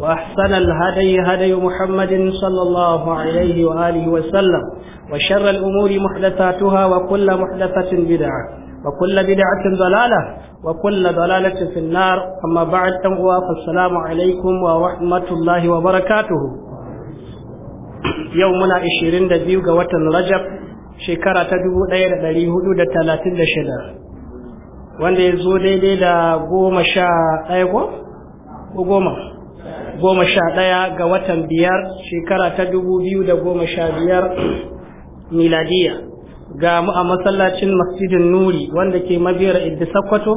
وأحسن الهدي هدي محمد صلى الله عليه وآله وسلم وشر الأمور محدثاتها وكل محدثة بدعة وكل بدعة ضلالة وكل ضلالة في النار أما بعد فالسلام عليكم ورحمة الله وبركاته يومنا عشرين دبيو قوة رجب شكرة تدبو دير دليه دا تلاتين دا شدار وان دي زودي دا قوم شاء أيوة وقوم goma sha ɗaya ga watan biyar shekara ta dubu biyu da goma sha biyar miladiya ga mu a masallacin masjidin nuri wanda ke mabiyar idda sakkwato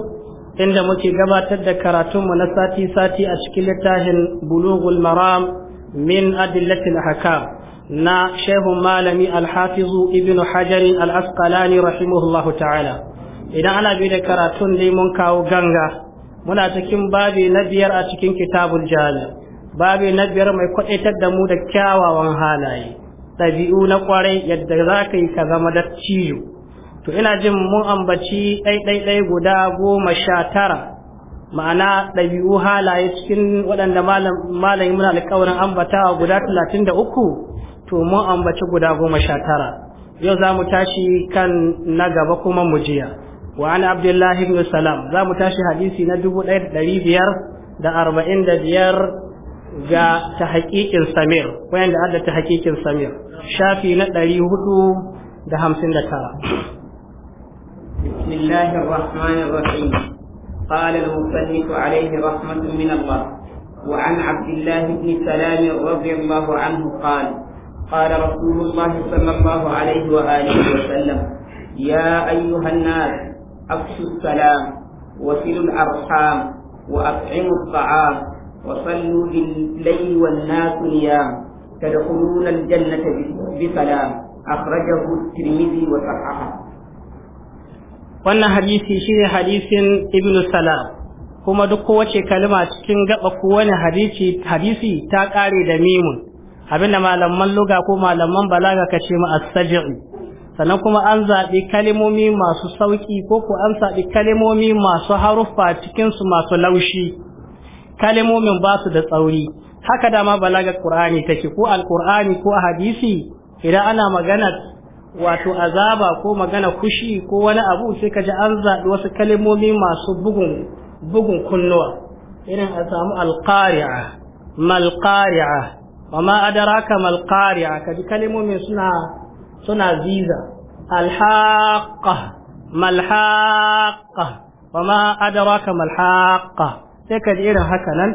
inda muke gabatar da karatunmu na sati-sati a cikin littafin bulugul maram min adillatil hakam na shehun malami alhafizu ibn al-asqalani rahimahullahu ta'ala idan ana bi da karatun dai mun kawo ganga muna cikin babi na biyar a cikin kitabul jami babi na biyar mai kwadaitar da mu da kyawawan halaye ɗabi'u na ƙwarai yadda za ka yi ka zama da ciyo to ina jin mun ambaci ɗaiɗaiɗai guda goma sha tara ma'ana ɗabi'u halaye cikin waɗanda yi muna alƙawarin ambatawa guda talatin da uku to mun ambaci guda goma sha tara yau za mu tashi kan na gaba kuma mu jiya wa abdullahi ibn salam za mu tashi hadisi na dubu ɗaya da ɗari biyar da arba'in da biyar ga ta haƙiƙin samir wayanda adda ta haƙiƙin samir shafi na ɗari hudu da hamsin da tara بسم الله الرحمن الرحيم قال المصنف عليه رحمة من الله وعن عبد الله بن سلام رضي الله عنه قال قال رسول الله صلى الله عليه وآله وسلم يا أيها الناس أفشوا السلام وصلوا الأرحام وأطعموا الطعام وصلوا بالليل والناس نيام تدخلون الجنة بسلام أخرجه الترمذي وصححه wannan hadisi shine hadisin ibnu salam kuma duk kowace kalma cikin gaba kowane hadisi hadisi ta kare da mimun abinda malaman luga ko malaman balaga kace mu as sannan kuma an zaɓi kalimomi masu sauƙi ko ku an zaɓi kalimomi masu haruffa cikinsu masu laushi kalimomin ba su da tsauri haka dama balaga ƙur'ani take ko alƙur'ani ko hadisi idan ana magana wato azaba ko magana kushi ko wani abu sai ka ji an zaɓi wasu kalimomi masu bugun bugun kunnuwa irin a samu alƙari'a malƙari'a wa adara adaraka malƙari'a ka ji kalimomin suna suna ziza alhaqa malhaqa wa ma adraka malhaqa sai ka ji irin haka nan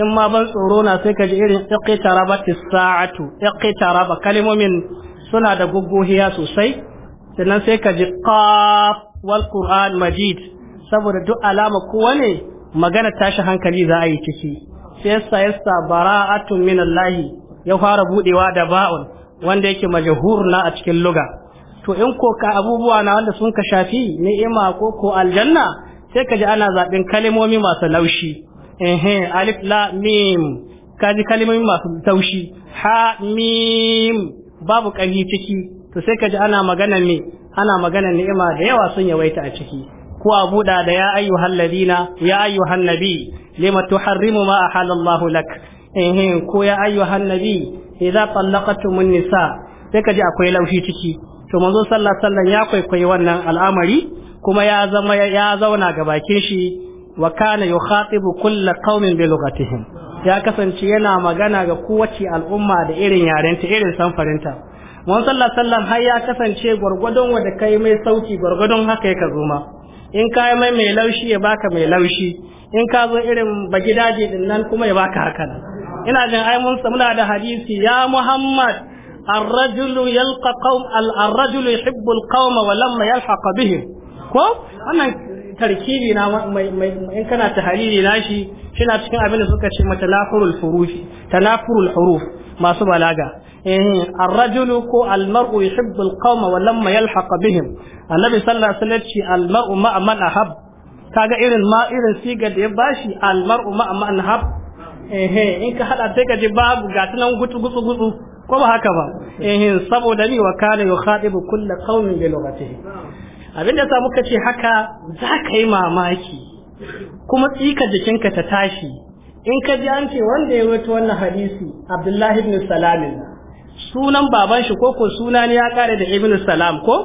in ma ban tsoro na sai ka ji irin iqtarabat as iqtaraba kalimomin suna da gugguhiya sosai sannan sai ka ji qaf wal qur'an majid saboda duk alama kowane magana tashi hankali za a yi ciki sai yasa yasa bara'atun minallahi ya fara budewa da ba'un wanda yake majhur na a cikin luga to in ko ka abubuwa na wanda sun ka shafi ni'ima ko ko aljanna sai ka ji ana zaɓin kalimomi masu laushi ehe alif la mim ka ji kalimomi masu taushi ha mim babu ƙarfi ciki to sai ka ji ana magana ne ana magana ni'ima da yawa sun yawaita a ciki ko a buɗa da ya ayyuhan ladina ya ayyuhan nabi lima tuharrimu ma ahalallahu lak ehe ko ya ayyuhan nabi idza tallaqatumun nisa sai kaji akwai laushi ciki to manzo sallallahu alaihi wasallam ya kwaikwayi wannan al'amari kuma ya zama ya zauna ga bakin shi wa kana yukhatibu kull qaumin bi lughatihim ya kasance yana magana ga kowace al'umma da irin yarenta irin samfarinta manzo sallallahu alaihi wasallam har ya kasance gurgudun wanda kai mai sauki gurgudun haka yake zuma in kai mai mai laushi ya baka mai laushi in ka zo irin bagidaje din nan kuma ya baka haka ina jin ai mun muna da hadisi ya Muhammad الرجل يلقى قوم الرجل يحب القوم ولما يلحق بهم ko wannan tarkibi na in kana tahariri na shi shina cikin abin da suka ce matalafurul furufi talafurul huruf masu balaga eh ar-rajulu ko al-mar'u yuhibbu al-qawma wa lamma yalhaq bihim annabi sallallahu alaihi wasallam ce al-mar'u ma'a man ahab kaga irin ma irin sigar da ya bashi al-mar'u ma'a man ahab ehe in ka hada sai ka ji babu ga tunan gutsu gutsu gutsu ko ba haka ba ehe saboda ni wa kana yukhatibu kull qaumin bi lughatihi abinda sa muka ce haka za ka yi mamaki kuma tsika jikinka ta tashi in ka ji an ce wanda ya wato wannan hadisi Abdullahi ibn Salam sunan baban shi ko ko suna ne ya kare da ibn Salam ko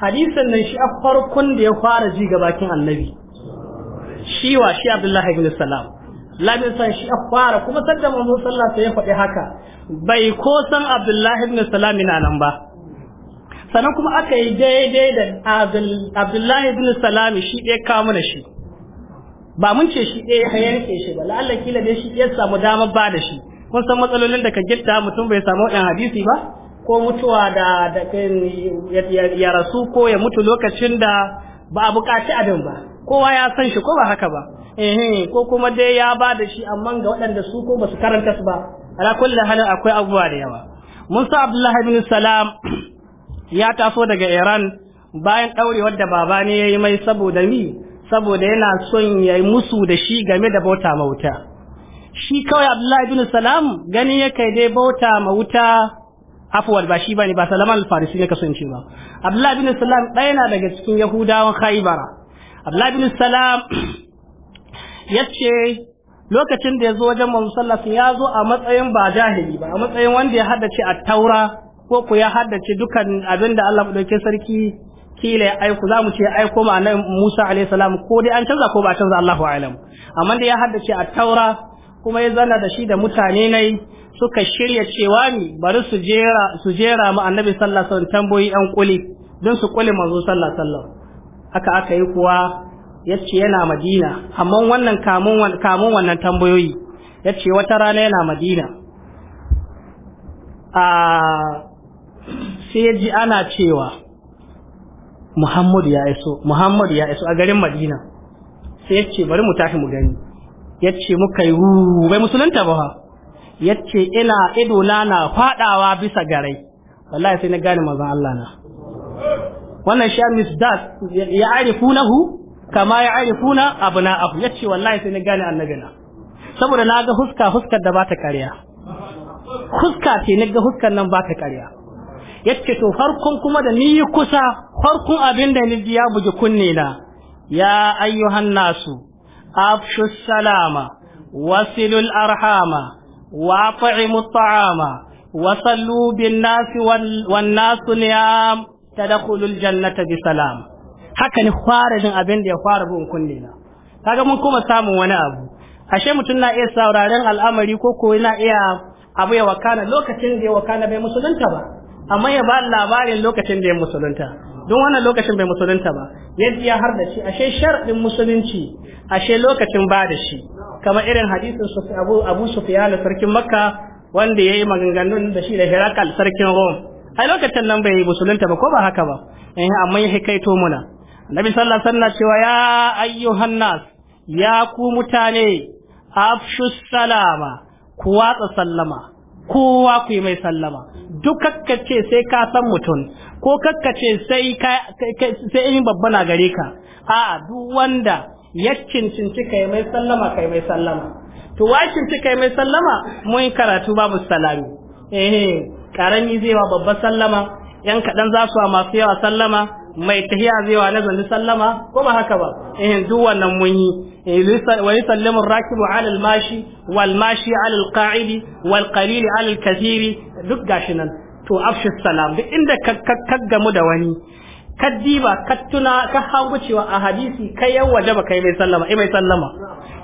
hadisin nan shi a farkon da ya fara ji ga bakin Annabi shi wa shi Abdullahi ibn Salam labin san shi fara kuma sanda manzo sallallahu alaihi ya faɗi haka bai ko san abdullahi ibn salam na nan ba sannan kuma aka yi daidai da abdullahi ibn salam shi ɗaya kawo da shi ba mun ce shi ɗaya ya yanke shi ba la'alla kila dai shi ɗaya samu damar ba da shi kun san matsalolin da ka gitta mutum bai samu waɗannan hadisi ba ko mutuwa da ya rasu ko ya mutu lokacin da ba a buƙaci abin ba kowa ya san shi ko ba haka ba eh ko kuma dai ya ba da shi amma ga waɗanda su ko basu karanta su ba ala kulli halin akwai abubuwa da yawa Musa Abdullah ibn Salam ya taso daga Iran bayan daure da baba ne yayi mai saboda ni saboda yana son yayi musu da shi game da bauta mauta shi kawai Abdullah ibn Salam gani yake dai bauta mauta afuwar ba shi bane ba Salman al-Farisi ne kasance ba Abdullah ibn Salam ɗaya na daga cikin Yahudawan Khaybara abdullahi bin salam ya ce lokacin da ya zo wajen manzo sallallahu ya zo a matsayin ba jahili ba a matsayin wanda ya haddace a taura ko ku ya haddace dukan abin da Allah dauke sarki kila ya aiko za mu ce aiko ma Musa alaihi salam ko dai an canza ko ba canza Allahu a'lam amma da ya haddace a taura kuma ya zana da shi da mutane nai suka shirya cewa ni bari su jera su jera mu annabi sallallahu alaihi wasallam tamboyi an kuli don su kuli manzo sallallahu alaihi wasallam haka aka yi kuwa yace yana madina amma wannan kamun wannan tambayoyi yace wata rana yana madina sai ya ji ana cewa muhammadu ya iso a garin madina sai ya ce bari mu tashi mu gani ya ce muka yi bai musulunta ba ya ce ina idona na fadawa bisa garai wallahi sai na gane mazan Allah na wannan sha misdad ya arifunahu kama ya arifuna abna abu yace wallahi sai ni gane annabi saboda na ga huska huskar da ba ta kariya huska ce ni ga huskar nan ba ta kariya yace to farkon kuma da ni kusa farkon abin da ni ya buji kunne na ya ayyuhan nasu afshu salama wasilul arhama wa ta'imu ta'ama wa sallu bin nasi wan nasu niyam tadkhulul jannata bi salam haka ne fara jin abin da ya fara bin kunne na kaga mun kuma samun wani abu ashe mutum na iya sauraren al'amari ko ko yana iya abu ya wakana lokacin da ya wakana bai musulunta ba amma ya ba labarin lokacin da ya musulunta don wannan lokacin bai musulunta ba yadda ya har da shi ashe sharadin musulunci ashe lokacin ba da shi kamar irin hadisin abu abu sufyan sarkin makka wanda yayi maganganun da shi da hirakal sarkin rome ai lokacin nan bai musulunta ba ko ba haka ba eh amma ya hikaito muna annabi sallallahu alaihi wasallam cewa ya ayyuhan nas ya ku mutane afshu salama ku watsa sallama kowa ku yi mai sallama duk kakkace sai ka san mutum ko kakkace sai sai in babba na gare ka a duk wanda ya cincinci kai mai sallama kai mai sallama to wa cincinci kai mai sallama mun karatu babu salami eh karami zai wa babban sallama yan kaɗan za su wa masu yawa sallama mai tahiya zai wa na zanni sallama ko ba haka ba eh duk wannan mun yi eh, wa yusallimu rakibu ala al-mashi wal mashi ala qaidi wal kathiri duk gashi nan to afshi salam duk inda ka gamu da wani ka diba, ka hango cewa a hadisi kai yawa da baka yi mai sallama eh mai sallama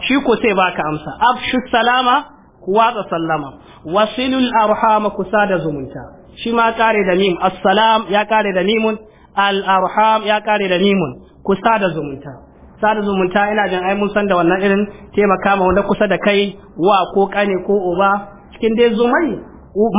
shi ko sai baka amsa afshi salama watsa sallama wasilul arhama kusa da zumunta shi ma kare da mim assalam ya kare da mimun al arham ya kare da mimun kusa da zumunta sada zumunta ina jin ai mun san da wannan irin taimaka ma wanda kusa da kai wa ko kane ko uba cikin dai zumai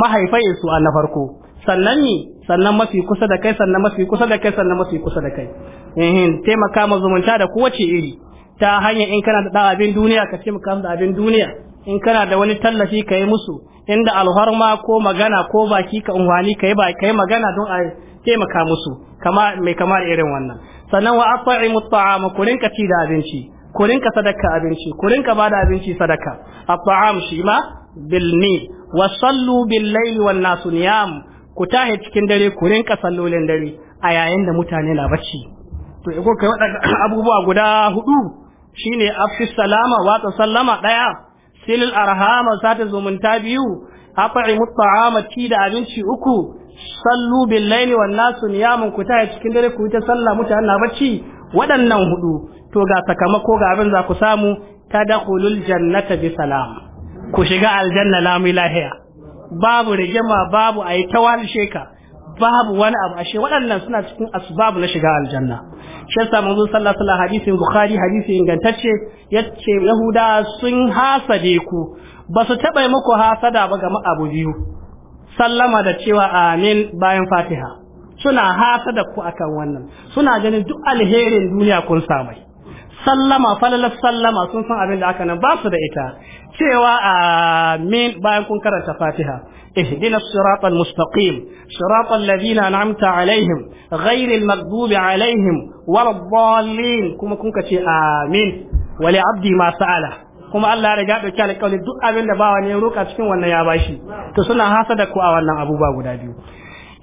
mahaifai su a na farko sannan ni sannan mafi kusa da kai sannan mafi kusa da kai sannan mafi kusa da kai eh taimaka ma zumunta da kowace iri ta hanyar in kana da abin duniya ka taimaka da abin duniya in kana da wani tallafi ka yi musu inda alharma ko magana ko baki ka unwani ka yi magana don a taimaka musu kama da irin wannan sannan wa at'imu ta'ama ku rinka ci da abinci ku rinka sadaka abinci ku rinka ba da abinci sadaka at'am shi ma bilni wa sallu bil layli nasu niyam ku tahe cikin dare ku rinka sallolin dare a yayin da mutane na bacci to ko kai waɗanda abubuwa guda hudu shine afisalama salama watsa sallama ɗaya. silil arhama sata zumunta biyu afa'imu ta'ama ti da abinci uku sallu bil layli wan nasu niyamun ku taya cikin dare ku ta sallah mutane na bacci waɗannan hudu to ga sakamako ga abin za ku samu tadkhulul jannata bi salam ku shiga aljanna la lahiya babu rigima babu ayi tawal sheka babu wani abu ashe waɗannan suna cikin asbabu na shiga aljanna shi yasa manzo sallallahu alaihi wasallam hadisin bukhari hadisi ingantacce yace yahuda sun hasade ku ba su taɓa muku hasada ba ga abu biyu sallama da cewa amin bayan fatiha suna hasada ku akan wannan suna ganin duk alherin duniya kun samai sallama falalar sallama sun san abin da aka nan ba su da ita cewa amin bayan kun karanta fatiha اهدنا الصراط المستقيم صراط الذين أنعمت عليهم غير المغضوب عليهم ولا الضالين كما كنك آمين ولعبدي ما سأله kuma Allah ya gabe kyale kauli duk abin da bawa ne roka cikin wannan ya bashi to suna hasada ku a wannan abubuwa guda biyu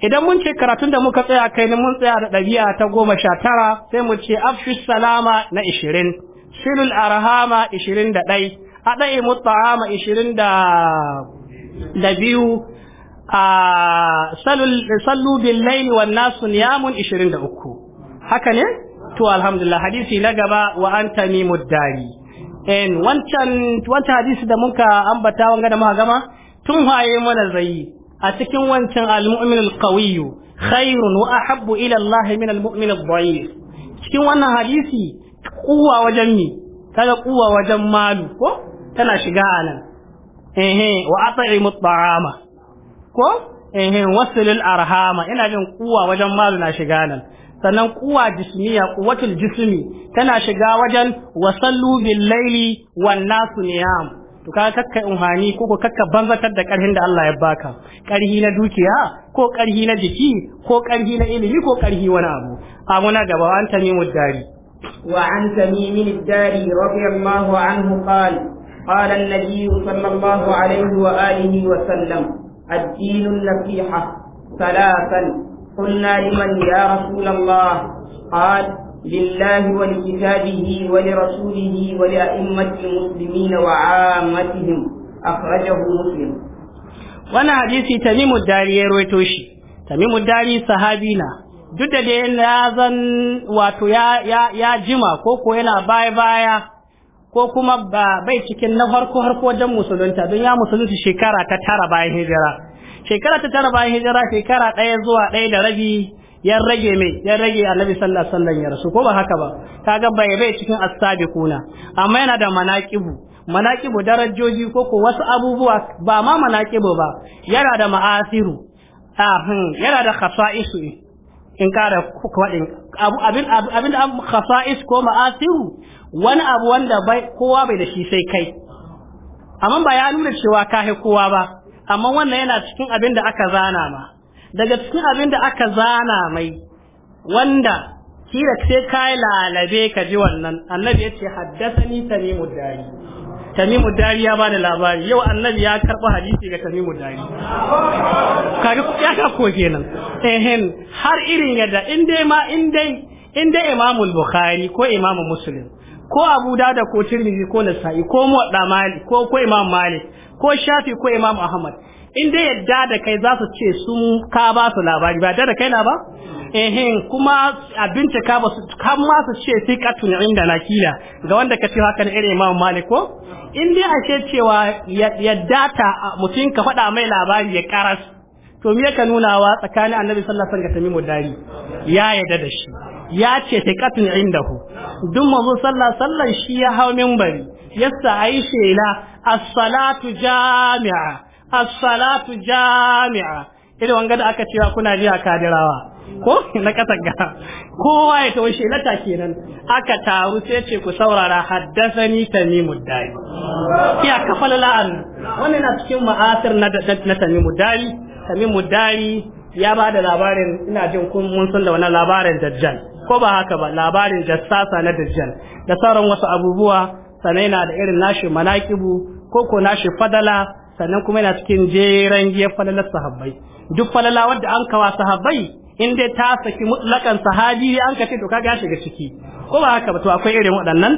idan mun ce karatun da muka tsaya kai mun tsaya da ɗabi'a ta goma sha tara sai mu ce afshu salama na ishirin silul arhama ishirin da ɗai aɗai mutsahama ishirin da biyu a sallu bil laili wan nasu niyamun ishirin da uku haka ne to alhamdulillah hadisi na gaba wa an tamimud dari en wancan wancan hadisi da muka ambata wanga da muka gama tun haye mana zai a cikin wancan al-mu'min al-qawiy khairun wa ahabbu ila Allah min al-mu'min al-dha'if cikin wannan hadisi kuwa wajen ni kaga kuwa wajen malu ko tana shiga anan ehe wa at'imu at-ta'ama ko ehe wasil al-arhama ina jin kuwa wajen malu na shiga nan sannan kuwa jismiya kuwatul jismi tana shiga wajen wasallu bil laili wan nasu niyam to ka kakka umhani ko ko kakka banzatar da karhin da Allah ya baka karhi na dukiya ko karhi na jiki ko karhi na ilimi ko karhi wani abu abu na gaba an tamimu dari wa an tamimin dari radiyallahu anhu qala قال النبي صلى الله عليه وآله وسلم الدين النصيحة ثلاثا قلنا لمن يا رسول الله قال لله ولكتابه ولرسوله ولأئمة المسلمين وعامتهم أخرجه مسلم وانا حديثي تميم الداري رويتوشي تميم الداري صحابينا duk da dai ya zan wato ya, ya, ya jima ko ko yana baya baya ko kuma ba bai cikin na farko harko wajen musulunta don ya musulunta shekara ta tara bayan hijira shekara ta tara bayan hijira shekara ɗaya zuwa ɗaya da rabi yan rage mai ya rage annabi sallallahu alaihi wasallam ya rasu ko ba haka ba kaga bai bai cikin as kuna amma yana da manaqibu manaqibu darajoji ko ko wasu abubuwa ba ma manaqibu ba yana da ma'asiru ahun hmm, yana da khasa'isu in kada kwadin abu abin abin da khasa'is ko ma'asiru wani abu wanda bai kowa bai da shi sai kai amma ba ya nuna cewa kahe kowa ba amma wannan yana cikin abin da aka zana ma daga cikin abin da aka zana mai wanda kila sai kai lalabe ka ji wannan annabi ya ce ni tamimu dari tamimu dari ya bada labari yau annabi ya karba hadisi ga tamimu dari kaga ya ka ko kenan ehen har irin yadda in dai ma in dai in dai imamu bukhari ko imamu muslim ko abu dada ko tirmidhi ko nasa'i ko muwadda Mali ko ko imam malik ko shafi ko imam ahmad in dai yadda da kai za su ce sun ka ba su labari ba yadda da kai na ba ehin kuma abinci bincika ba su ce sai katun inda na kila ga wanda ka ce haka na irin imam malik ko in dai a ce cewa yadda ta mutum ka faɗa mai labari ya karas to me ka nuna wa tsakanin annabi sallallahu alaihi wasallam ga tamimu dari ya yadda da shi ya ce sai katun inda duk manzo sallallahu alaihi shi ya hawo minbari yasa ayi shela as-salatu jami'a as-salatu jami'a irin wanga da aka cewa kuna jiya kadirawa ko na katanga kowa ya tawo ta kenan aka taru sai ce ku saurara haddasani tamimu dari ya kafala la'an wannan na cikin ma'asir na na dari tamimu dari ya ba da labarin ina jin kun mun san da wannan labarin dajjal ko ba haka ba labarin jassasa na dajjal da sauran wasu abubuwa sanai na da irin nashi manakibu ko ko nashi fadala sannan kuma yana cikin jeren giyar falalar sahabbai duk falala wadda an kawa sahabbai in dai ta saki mutlakan sahabi an ka ce to kaga ya shiga ciki ko ba haka ba to akwai irin waɗannan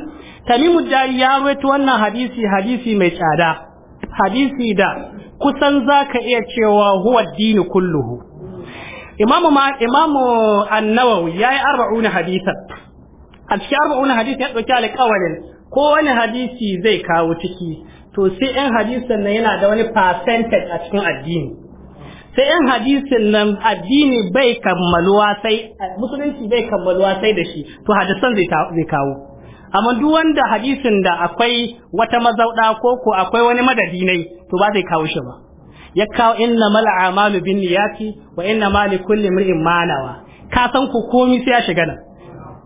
tamimu da ya rawaito wannan hadisi hadisi mai tsada hadisi da kusan zaka iya cewa huwa dini kulluhu imamu ma imamu an-nawawi yayi 40 hadisa a cikin 40 hadisi ya dauki alƙawarin ko wani hadisi zai kawo ciki to sai yan hadisin nan yana da wani percentage a cikin addini sai yan hadisin nan addini bai kammaluwa sai musulunci bai kammaluwa sai da shi to hadisan zai kawo amma duk wanda hadisin da akwai wata mazauɗa, ko ko akwai wani madadi ne to ba zai kawo shi ba ya kawo inna mal a'malu bin niyyati wa inna ma li kulli imrin ma nawa ka san ku komi sai ya shiga nan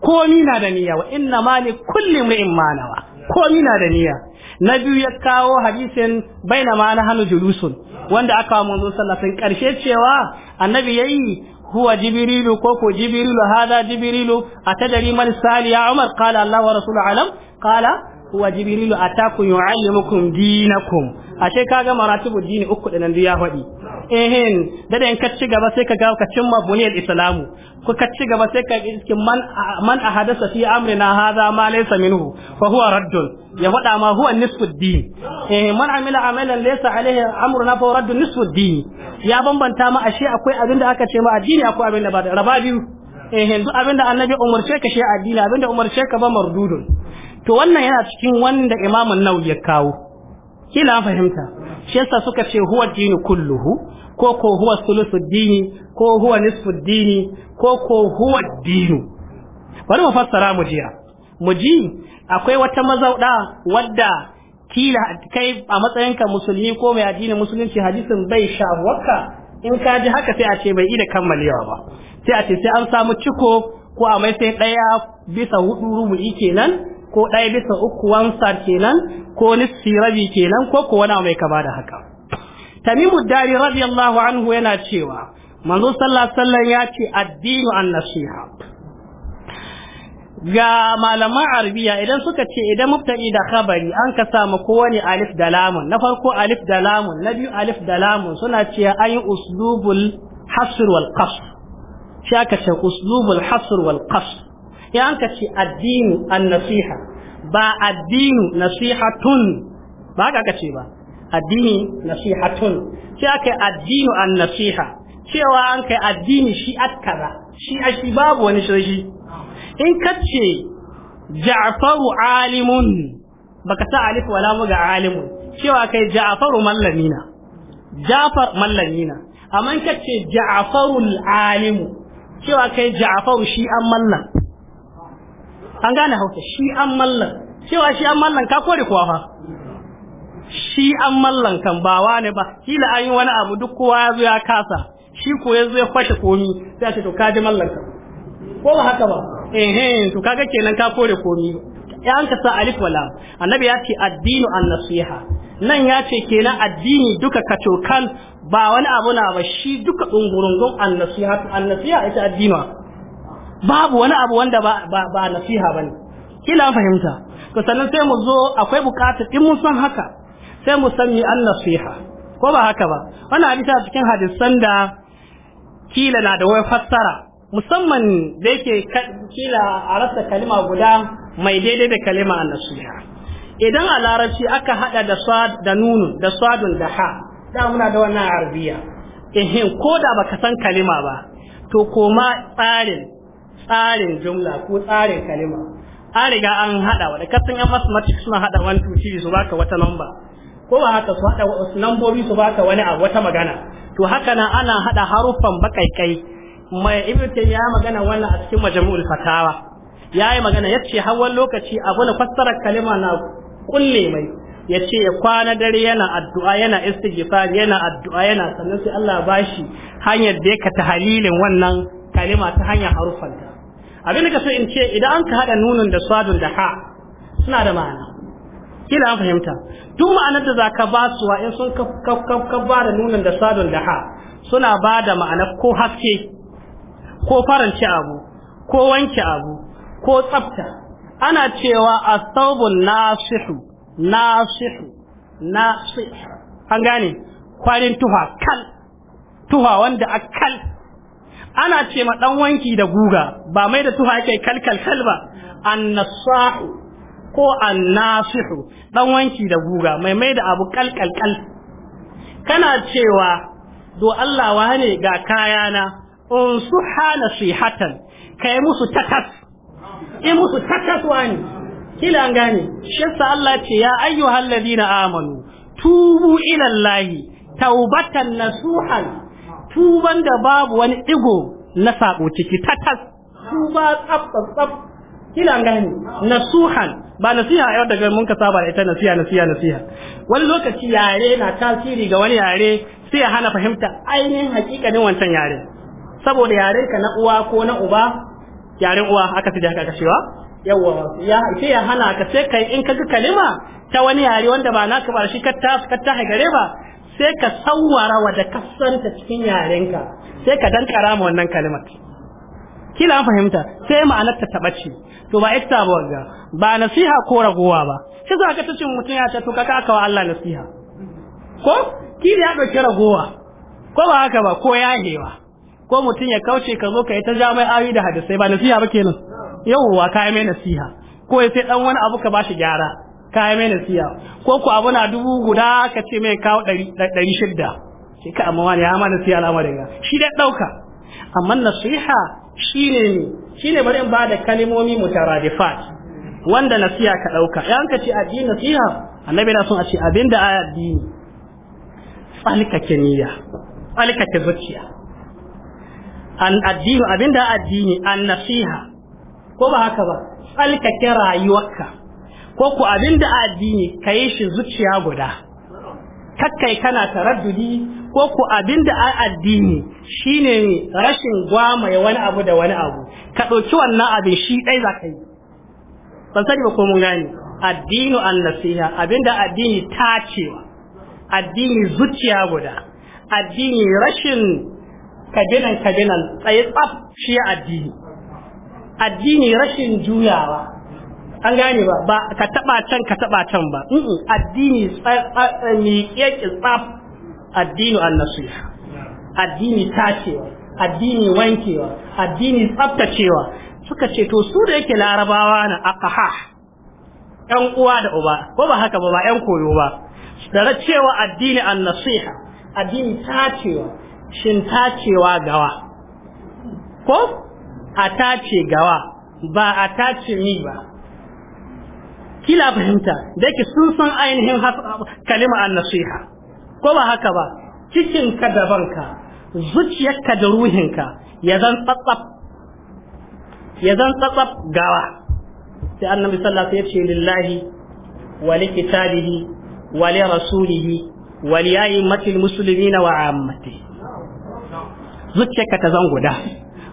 komi na da niyya wa inna ma li kulli imrin ma nawa komi na da niyya na biyu ya kawo hadisin baina ma na hannu julusun wanda aka manzo sallatin karshe cewa annabi yayi huwa jibrilu ko ko jibrilu hada jibrilu atadari man sali ya umar qala allah wa rasuluhu alam qala huwa jibrilu ataku yu'allimukum dinakum ashe kaga maratibu dini uku da nan ya faɗi ehin da in ka ci gaba sai ka ga ka cimma buniyar Islam, ko ka ci gaba sai ka iske man man ahadasa fi amrina hadha ma laysa minhu fa huwa raddun ya faɗa ma huwa nisfu din eh man amila amalan laysa alaihi amruna fa raddun nisfu din ya bambanta ma ashe akwai abin da aka ce ma addini akwai abin da ba da raba biyu eh duk abin da annabi umarce ka shi addini abin da umarce ka ba mardudun to wannan yana cikin wanda imamun nau ya kawo kila fahimta shi yasa suka ce huwa dini kulluhu ko ko huwa sulusu dini ko huwa nisfu dini ko ko huwa dinu bari mu fassara mu jiya mu ji akwai wata mazauda wadda kila kai a matsayinka musulmi ko mai addinin musulunci hadisin bai shawaka in ka ji haka sai a ce bai ida kammalewa ba sai a ce sai an samu ciko ko a mai sai ɗaya bisa hudu rubu'i kenan ko ɗaya bisa uku wansar kenan ko nisfi rabi kenan ko ko wani mai kama da haka tamimu dari radiyallahu anhu yana cewa manzo sallallahu alaihi wasallam ya ce addinu an nasiha ga malaman arabiya idan suka ce idan mubtadi da khabari an ka samu wani alif da lamun na farko alif da lamun na biyu alif da lamun suna cewa an yi uslubul hasr wal qasr shi aka ce uslubul hasr wal qasr in an ka ce addinu an-nasiha ba addinu nasihatun ba haka ka ce ba addini nasihatun sai aka yi addinu an-nasiha cewa an kai addini shi atkara shi a shi babu wani shirshi in ka ce ja'faru alimun baka sa alif wala mu ga alimun cewa kai ja'faru mallamina ja'far mallamina amma in ka ce ja'farul alimu cewa kai ja'faru shi an mallam an gane hausa shi an mallan cewa shi an mallan ka kore kuwa fa shi an mallan kan ba wani ba kila an yi wani abu duk kowa ya zo ya kasa shi ko ya zo ya kwashe komi sai ake ce to ka ji mallan ka ko ba haka ba eh eh to kaga kenan ka kore komi ya an ka sa alif wala annabi ya ce addinu an nasiha nan ya ce kenan addini duka kacokan ba wani abu na ba shi duka dungurungun an nasiha an nasiha ita addinu babu wani abu wanda ba nasiha ba ne kila fahimta to sannan sai mu zo akwai bukatar in mun san haka sai mu san mi an nasiha ko ba haka ba wani hadisa cikin hadisan da kila na da wai fassara musamman da yake kila a rasa kalima guda mai daidai da kalima a nasiha idan a larabci aka hada da da nunu da swadun da ha da muna da wannan arabiya ehin ko da baka san kalima ba to koma tsarin tsarin jumla ko tsarin kalima an riga an hada wa da kasan yan mathematics suna hada 1 2 3 su baka wata number ko ba haka su hada wasu lambobi su baka wani abu wata magana to haka nan ana hada haruffan bakaikai mai ibnu ya magana wannan a cikin majmu'ul fatawa yayi magana yace har wani lokaci abu na fassara kalima na kulle mai yace ya kwana dare yana addu'a yana istighfar yana addu'a yana sannan sai Allah bashi hanyar da ya ka tahalilin wannan kalima ta hanyar haruffanta abin da so in ce idan an ka haɗa nunun da swadun da ha suna da ma'ana kila an fahimta duk ma'anar da za ka ba su in sun ka ba da nunun da swadun da ha suna ba da ma'ana ko haske ko farance abu ko wanke abu ko tsafta ana cewa astaubun nasihu nasihu nasihu an gane kwarin tuha kal tuha wanda akal ana ce ma dan wanki da guga ba mai da tuha yake kalkal kalba annasahu ko annasihu dan wanki da guga mai mai da abu kalkal kal kana cewa do Allah wane ga kaya na, un unsuha nasihatan kai musu takas in musu takas wani kila an gane shi Allah ce ya ayyuhal ladina amanu tubu ila Allah taubatan nasuhan tuban da babu wani digo na sabo ciki tatas tuba tsaf tsaf kila gani nasuhan ba nasiha yau daga mun ka saba da ita nasiha nasiha nasiha wani lokaci yare na tasiri ga wani yare sai ya hana fahimta ainihin hakikanin wancan yare saboda yare ka na uwa ko na uba yaren uwa aka fi da aka kashewa yawwa ya ce ya hana ka sai kai in ka ga kalima ta wani yare wanda ba naka ba shi ka ta ka ta gare ba sai ka sauwara wadda ka santa cikin yarenka sai ka dankara ma wannan kalimar kila an fahimta sai ma'anar ta ce to ba ita ba ga ba nasiha ko ragowa ba sai za ka tace mutum ya ce to kaka aka wa Allah nasiha ko kila ya dauki ragowa ko ba haka ba ko ya hewa ko mutum ya kauce ka zo ka yi ta Jami'a ayi da hadisai ba nasiha ba kenan wa ka yi mai nasiha ko ya sai dan wani abu ka bashi gyara kayan mai nasiya ko ku abu na dubu guda ka ce mai kawo ɗari shidda ke ka amma wani ya ma nasiya al'amarin ga shi dai ɗauka amma nasiha shi ne shi ne bari in ba da kalimomi mutaradifat wanda nasiya ka ɗauka yan ka ce addini nasiha annabi na son a ce abinda a addini tsalkake niyya tsalkake zuciya an addini abinda addini an nasiha ko ba haka ba tsalkake rayuwarka ko ku abinda addini ka yi shi zuciya guda kakkai kana taraddudi ko ku abinda addini shine rashin ya wani abu da wani abu ka ɗauki wannan abin shi ɗai za ka yi ban sani ba ko mun gane addinu an nasiha abinda addini ta cewa addini zuciya guda addini rashin kabinan kabinan tsaye tsaf shi addini addini rashin juyawa an gane ba ba ka taba can ka taba can ba addini mi yake tsaf addini an-nasiha addini tacewa addini wankewa addini tsaftacewa suka ce to su da yake larabawa na aqaha yan uwa da uba ko ba haka ba ba yan koyo ba da cewa addini an-nasiha addini tacewa shin tacewa gawa ko a tace gawa ba a tace mi ba kila fahimta da yake sun san ainihin kalima an nasiha ko ba haka ba cikin ka da banka zuciyarka da ruhinka ya zan tsatsaf ya zan tsatsaf gawa sai annabi sallallahu alaihi wasallam ya ce lillahi wa li kitabihi wa li rasulihi wa li ayyimatil muslimina wa ammati zuciyarka ta zan guda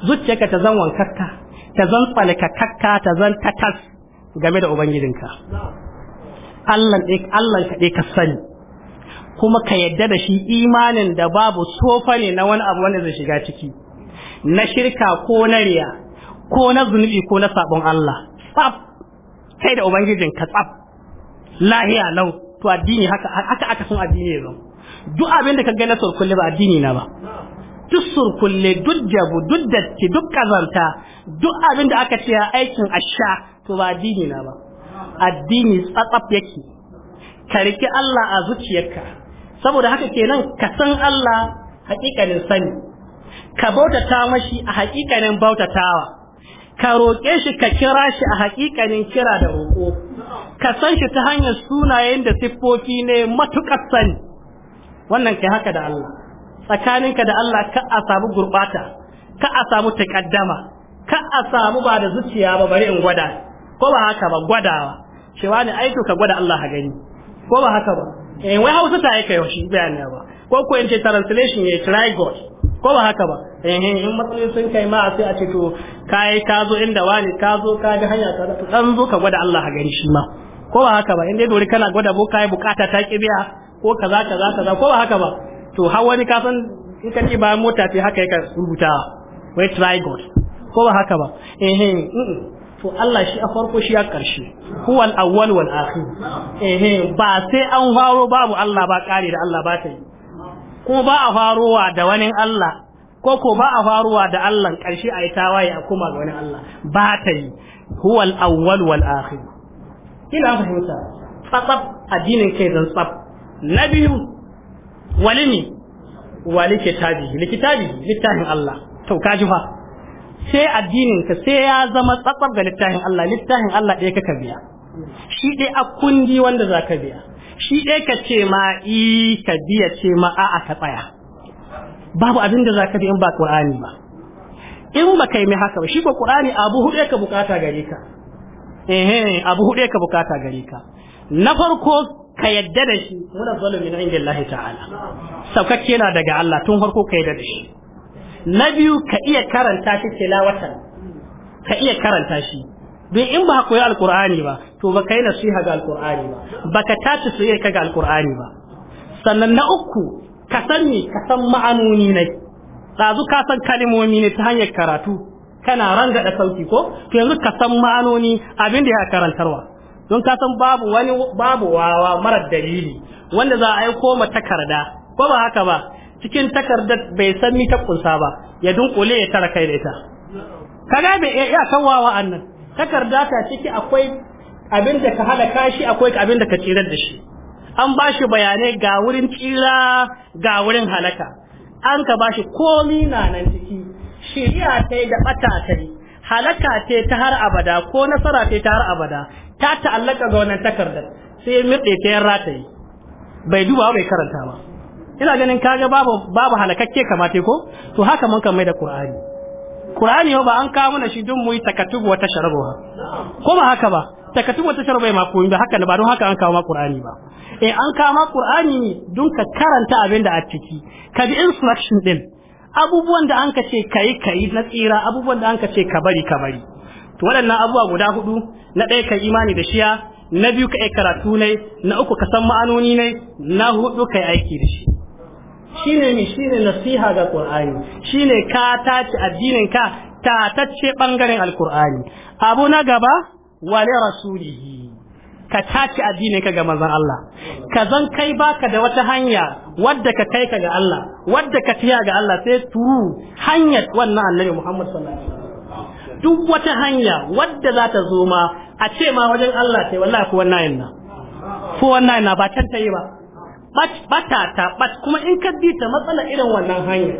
zuciyarka ta zan wankakka ta zan tsalkakakka ta zan tatas game da ubangijinka Allah Allah ka ka sani kuma ka yadda da shi imanin da babu tsofa ne na wani abu wanda zai shiga ciki na shirka ko na riya ko na zunubi ko na sabon Allah tsaf kai da ubangijinka tsaf lahiya lau to addini haka aka sun addini yanzu duk abin da ka ga na surkulle ba addini na ba duk surkulle duk jabu duk datti duk kazanta duk abin da aka ce aikin asha to ba addini na ba addini tsatsaf yake ka riki Allah a zuciyarka saboda haka kenan ka san Allah hakikanin sani ka bautata mashi a hakikanin bautatawa ka roƙe shi ka kira shi a hakikanin kira da roƙo ka san shi ta hanyar sunayen da siffofi ne matuƙar sani wannan kai haka da Allah tsakaninka da Allah ka a samu gurɓata ka a samu taƙaddama ka a samu ba da zuciya ba bari in gwada ko ba haka ba gwadawa cewa ne aito ka gwada Allah gani ko ba haka ba eh wai Hausa ta aika yau shi bayani ba ko ko in ce translation ya try god ko ba haka ba eh in matsaloli sun kai ma sai a ce to kai ka zo inda wani ka zo ka ga hanya ta dan zo ka gwada Allah gani shi ma ko ba haka ba in dai dori kana gwada bo kai bukata ta kibiya ko kaza kaza kaza ko ba haka ba to har wani ka san in ka ce ba mota ce haka yake rubuta wai try god ko ba haka ba eh eh to Allah shi a farko shi a ƙarshe huwal awwal wal akhir eh ba sai an faro babu Allah ba kare da Allah ba ta yi kuma ba a farowa da wani Allah ko ko ba a faruwa da Allah ƙarshe a yi tawaye a koma ga wani Allah ba ta yi huwal awwal wal akhir kina fahimta tsatsab addinin kai zan tsab na biyu wali ne wali kitabi likitabi littafin Allah to kaji fa sai addinin ka sai ya zama tsatsar ga littafin Allah littafin Allah ɗaya ka biya shi ɗaya a kundi wanda za ka biya shi ɗaya ka ce ma i ka biya ce ma a'a ka tsaya babu abin da za ka biya in ba ƙur'ani ba in ba kai mai haka ba shi ba ƙur'ani abu huɗe ka bukata gare ka eh abu ka bukata gare ka na farko ka yadda da shi muna zalumi na inda Allah ta'ala saukakke na daga Allah tun farko ka yadda da shi na biyu ka iya karanta shi tilawatan ka iya karanta shi don in ba koyi alkur'ani ba to ba kai nasiha ga alkur'ani ba ba ka tashi su ka ga alkur'ani ba sannan na uku ka san ni ka san ma'anoni ne ɗazu ka san kalmomi ne ta hanyar karatu kana ranga da sauki ko to yanzu ka san ma'anoni abin da ya karantarwa don ka san babu wani babu wawa marar dalili wanda za a aiko mata takarda ko ba haka ba cikin takardar bai san ni ta kunsa ba ya dunkule ya tara kai da ita kaga bai eh, iya kan wawa annan takarda ta ciki akwai abin da ka hada kashi akwai abin da ka tsirar da shi an ba shi bayanai ga wurin tsira ga wurin halaka an ka ba shi komi na nan ciki shiriya ta da bata ta halaka ce ta har abada ko nasara ce ta har abada ta ta'allaka ga wannan takardar sai ya mirɗe ta yan rataye bai duba bai karanta ba ina ganin kaga babu babu halakakke kamate ko to haka mun kan mai da qur'ani qur'ani ba an kawo mana shi dun mu yi takatubu wa tashrabuha ko ba haka ba takatubu wa tasharabu ma ko ba haka ba don haka an kawo ma qur'ani ba eh an kawo ma qur'ani dun ka karanta abin da a ciki ka bi instruction din abubuwan da an ka ce kai kai na tsira abubuwan da an ka ce ka bari ka bari to waɗannan abubuwa guda hudu na ɗaya ka imani da shiya na biyu ka yi karatu ne na uku ka san ma'anoni ne na hudu ka yi aiki da shi shine ne shine nasiha ga qur'ani shine ka tace addinin ka ta tace bangaren alqur'ani abu na gaba wa yi rasulihi ka tace addinin ka ga manzon Allah ka zan kai baka da wata hanya wadda ka kai ka ga Allah wadda ka tiya ga Allah sai turu hanyar wannan annabi Muhammad sallallahu alaihi wasallam duk wata hanya wadda za ta zo ma a ce ma wajen Allah sai wallahi ko wannan yana ko wannan na ba can ta yi ba bata ta bat kuma in ka bi ta matsala irin wannan hanyar,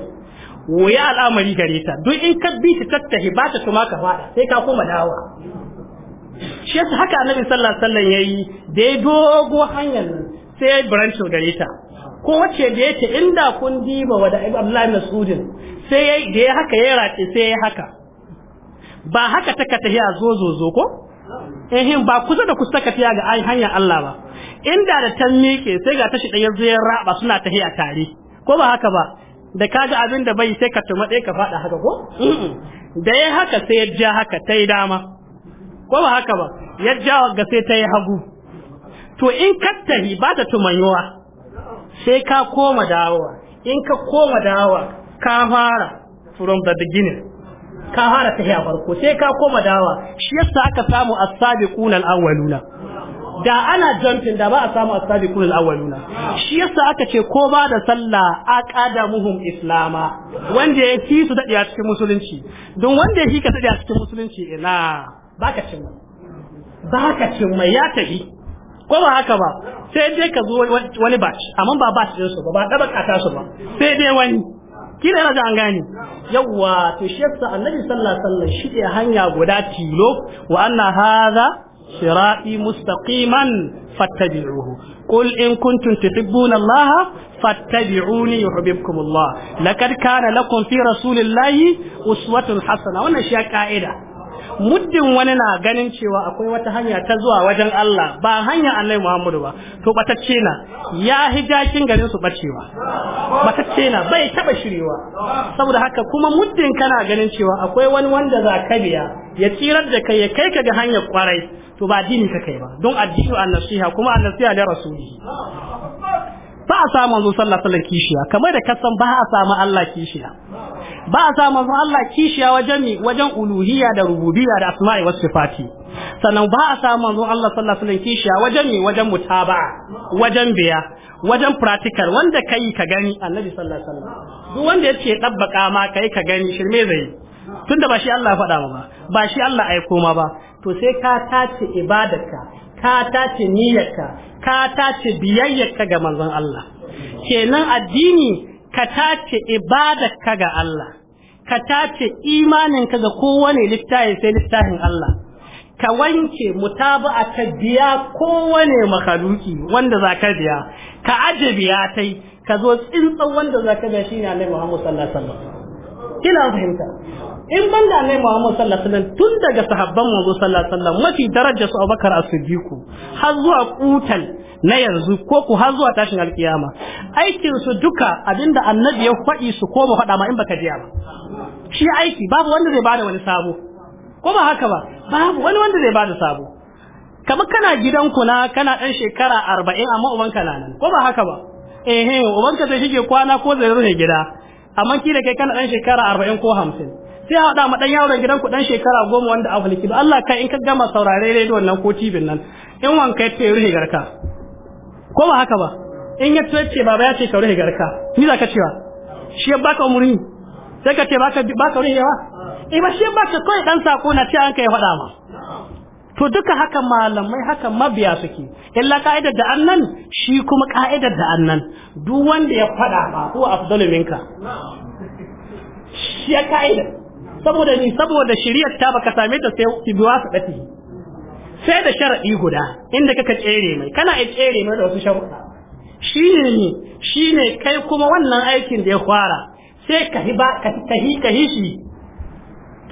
wuya al'amari gare ta duk in ka bi ta tattahi ba ta kuma ka fada sai ka koma dawa shi yasa haka annabi sallallahu alaihi wasallam yayi da ya dogo hanyar sai ya branch gare ta ko wace da yake inda kun diba wa da Abdullahi Mas'udin sai yayi da ya haka ya race sai ya haka ba haka take tahiya zo zo zo ko ehin ba kusa da kusa ka tiya ga ai hanya Allah ba inda da ta miƙe sai ga tashi ɗaya zuwa raba suna tahiya tare ko ba haka ba da kaga abin da bai sai ka tuma dai ka fada haka ko da ya haka sai ya ja haka ta yi dama ko ba haka ba ya ja ga sai ta yi hagu to in ka tahi ba ta tumayowa sai ka koma dawowa in ka koma dawowa ka fara from the beginning ka fara tahiya farko sai ka koma dawa shi yasa aka samu as-sabiquna al-awwaluna da ana jumping da ba a samu as-sabiquna al-awwaluna shi yasa aka ce ko ba da sallah aqadamuhum islama wanda ya fi su dadiya cikin musulunci don wanda ya fi ka dadiya cikin musulunci ina baka cin baka cin mai ya tafi ko ba haka ba sai dai ka zo wani batch amma ba batch din su ba ba dabaka ta su ba sai dai wani kila yana an gane yawwa to shi yasa annabi sallallahu alaihi wasallam shi ne hanya guda tilo wa anna hadha shira'i mustaqiman fattabi'uhu qul in kuntum tuhibbuna allaha fattabi'uni yuhibbukum allah laqad kana lakum fi rasulillahi uswatun hasana wannan shi ka'ida muddin wani na ganin cewa akwai wata hanya ta zuwa wajen Allah ba hanya Allah Muhammadu ba to batacce na ya hijakin garin su bacewa batacce na bai taba shirewa saboda haka kuma muddin kana ganin cewa akwai wani wanda za ka biya ya tsirar da kai ya kai ka ga hanyar kwarai to ba addini ka kai ba don addini an nasiha kuma an da rasuli ba a samu manzo sallallahu alaihi kishiya kamar da kasan ba a samu Allah kishiya ba a samu manzo Allah kishiya wajen ni wajen uluhiyya da rububiyya da asma'i was sifati sannan ba a samu manzo Allah sallallahu alaihi kishiya wajen ni wajen mutaba wajen biya wajen practical wanda kai ka gani annabi sallallahu alaihi wasallam duk wanda yace dabbaka ma kai ka gani shirme zai tunda ba shi Allah ya faɗa ba ba shi Allah aiko ma ba to sai ka tace ibadarka ka tace niyyarka ka tace biyayyarka ga manzon Allah kenan addini ka tace ibadarka ga Allah ka tace imaninka ga kowane littafi sai littafin Allah ka wanke mutaba'a ta biya kowane makaluki wanda za ka biya ka aje biya tai ka zo tsintsan wanda za ka biya shine Annabi Muhammad sallallahu alaihi wasallam kina fahimta in da annabi Muhammad sallallahu alaihi wasallam tun daga sahabban manzo sallallahu alaihi wasallam mafi daraja su Abubakar As-Siddiq har zuwa kutal na yanzu ko ku har zuwa tashin alkiyama aikin su duka abinda annabi ya faɗi su ko ba faɗa ma in baka jiya ba shi aiki babu wanda zai bada wani sabo ko ba haka ba babu wani wanda zai bada sabo kamar kana gidanku na kana dan shekara 40 amma ubanka na nan ko ba haka ba eh eh ubanka zai shige kwana ko zai rufe gida amma kila kai kana dan shekara 40 ko 50 sai haɗa ma ɗan yaron gidanku ɗan shekara goma wanda an halittu Allah kai in ka gama saurare rediyon nan ko tibin nan in wanka ya ce rufe garka ko ba haka ba in ya ce baba ya ce ka rufe garka ni za ka cewa shi ya baka umurni sai ka ce baka baka ruhewa eh ba shi ya baka kawai ɗan sako na ce an kai faɗa ma to duka haka malamai haka mabiya suke illa ka'idar da annan shi kuma ka'idar da annan duk wanda ya faɗa ba ko afdalu minka shi ya ka'idar saboda ni saboda shari'ar ta baka same ta sai biwa su dace sai da sharadi guda inda kaka tsere mai kana iya tsere mai da wasu sharuɗa shine ni shine kai kuma wannan aikin da ya fara sai ka ba ka hi ka hi shi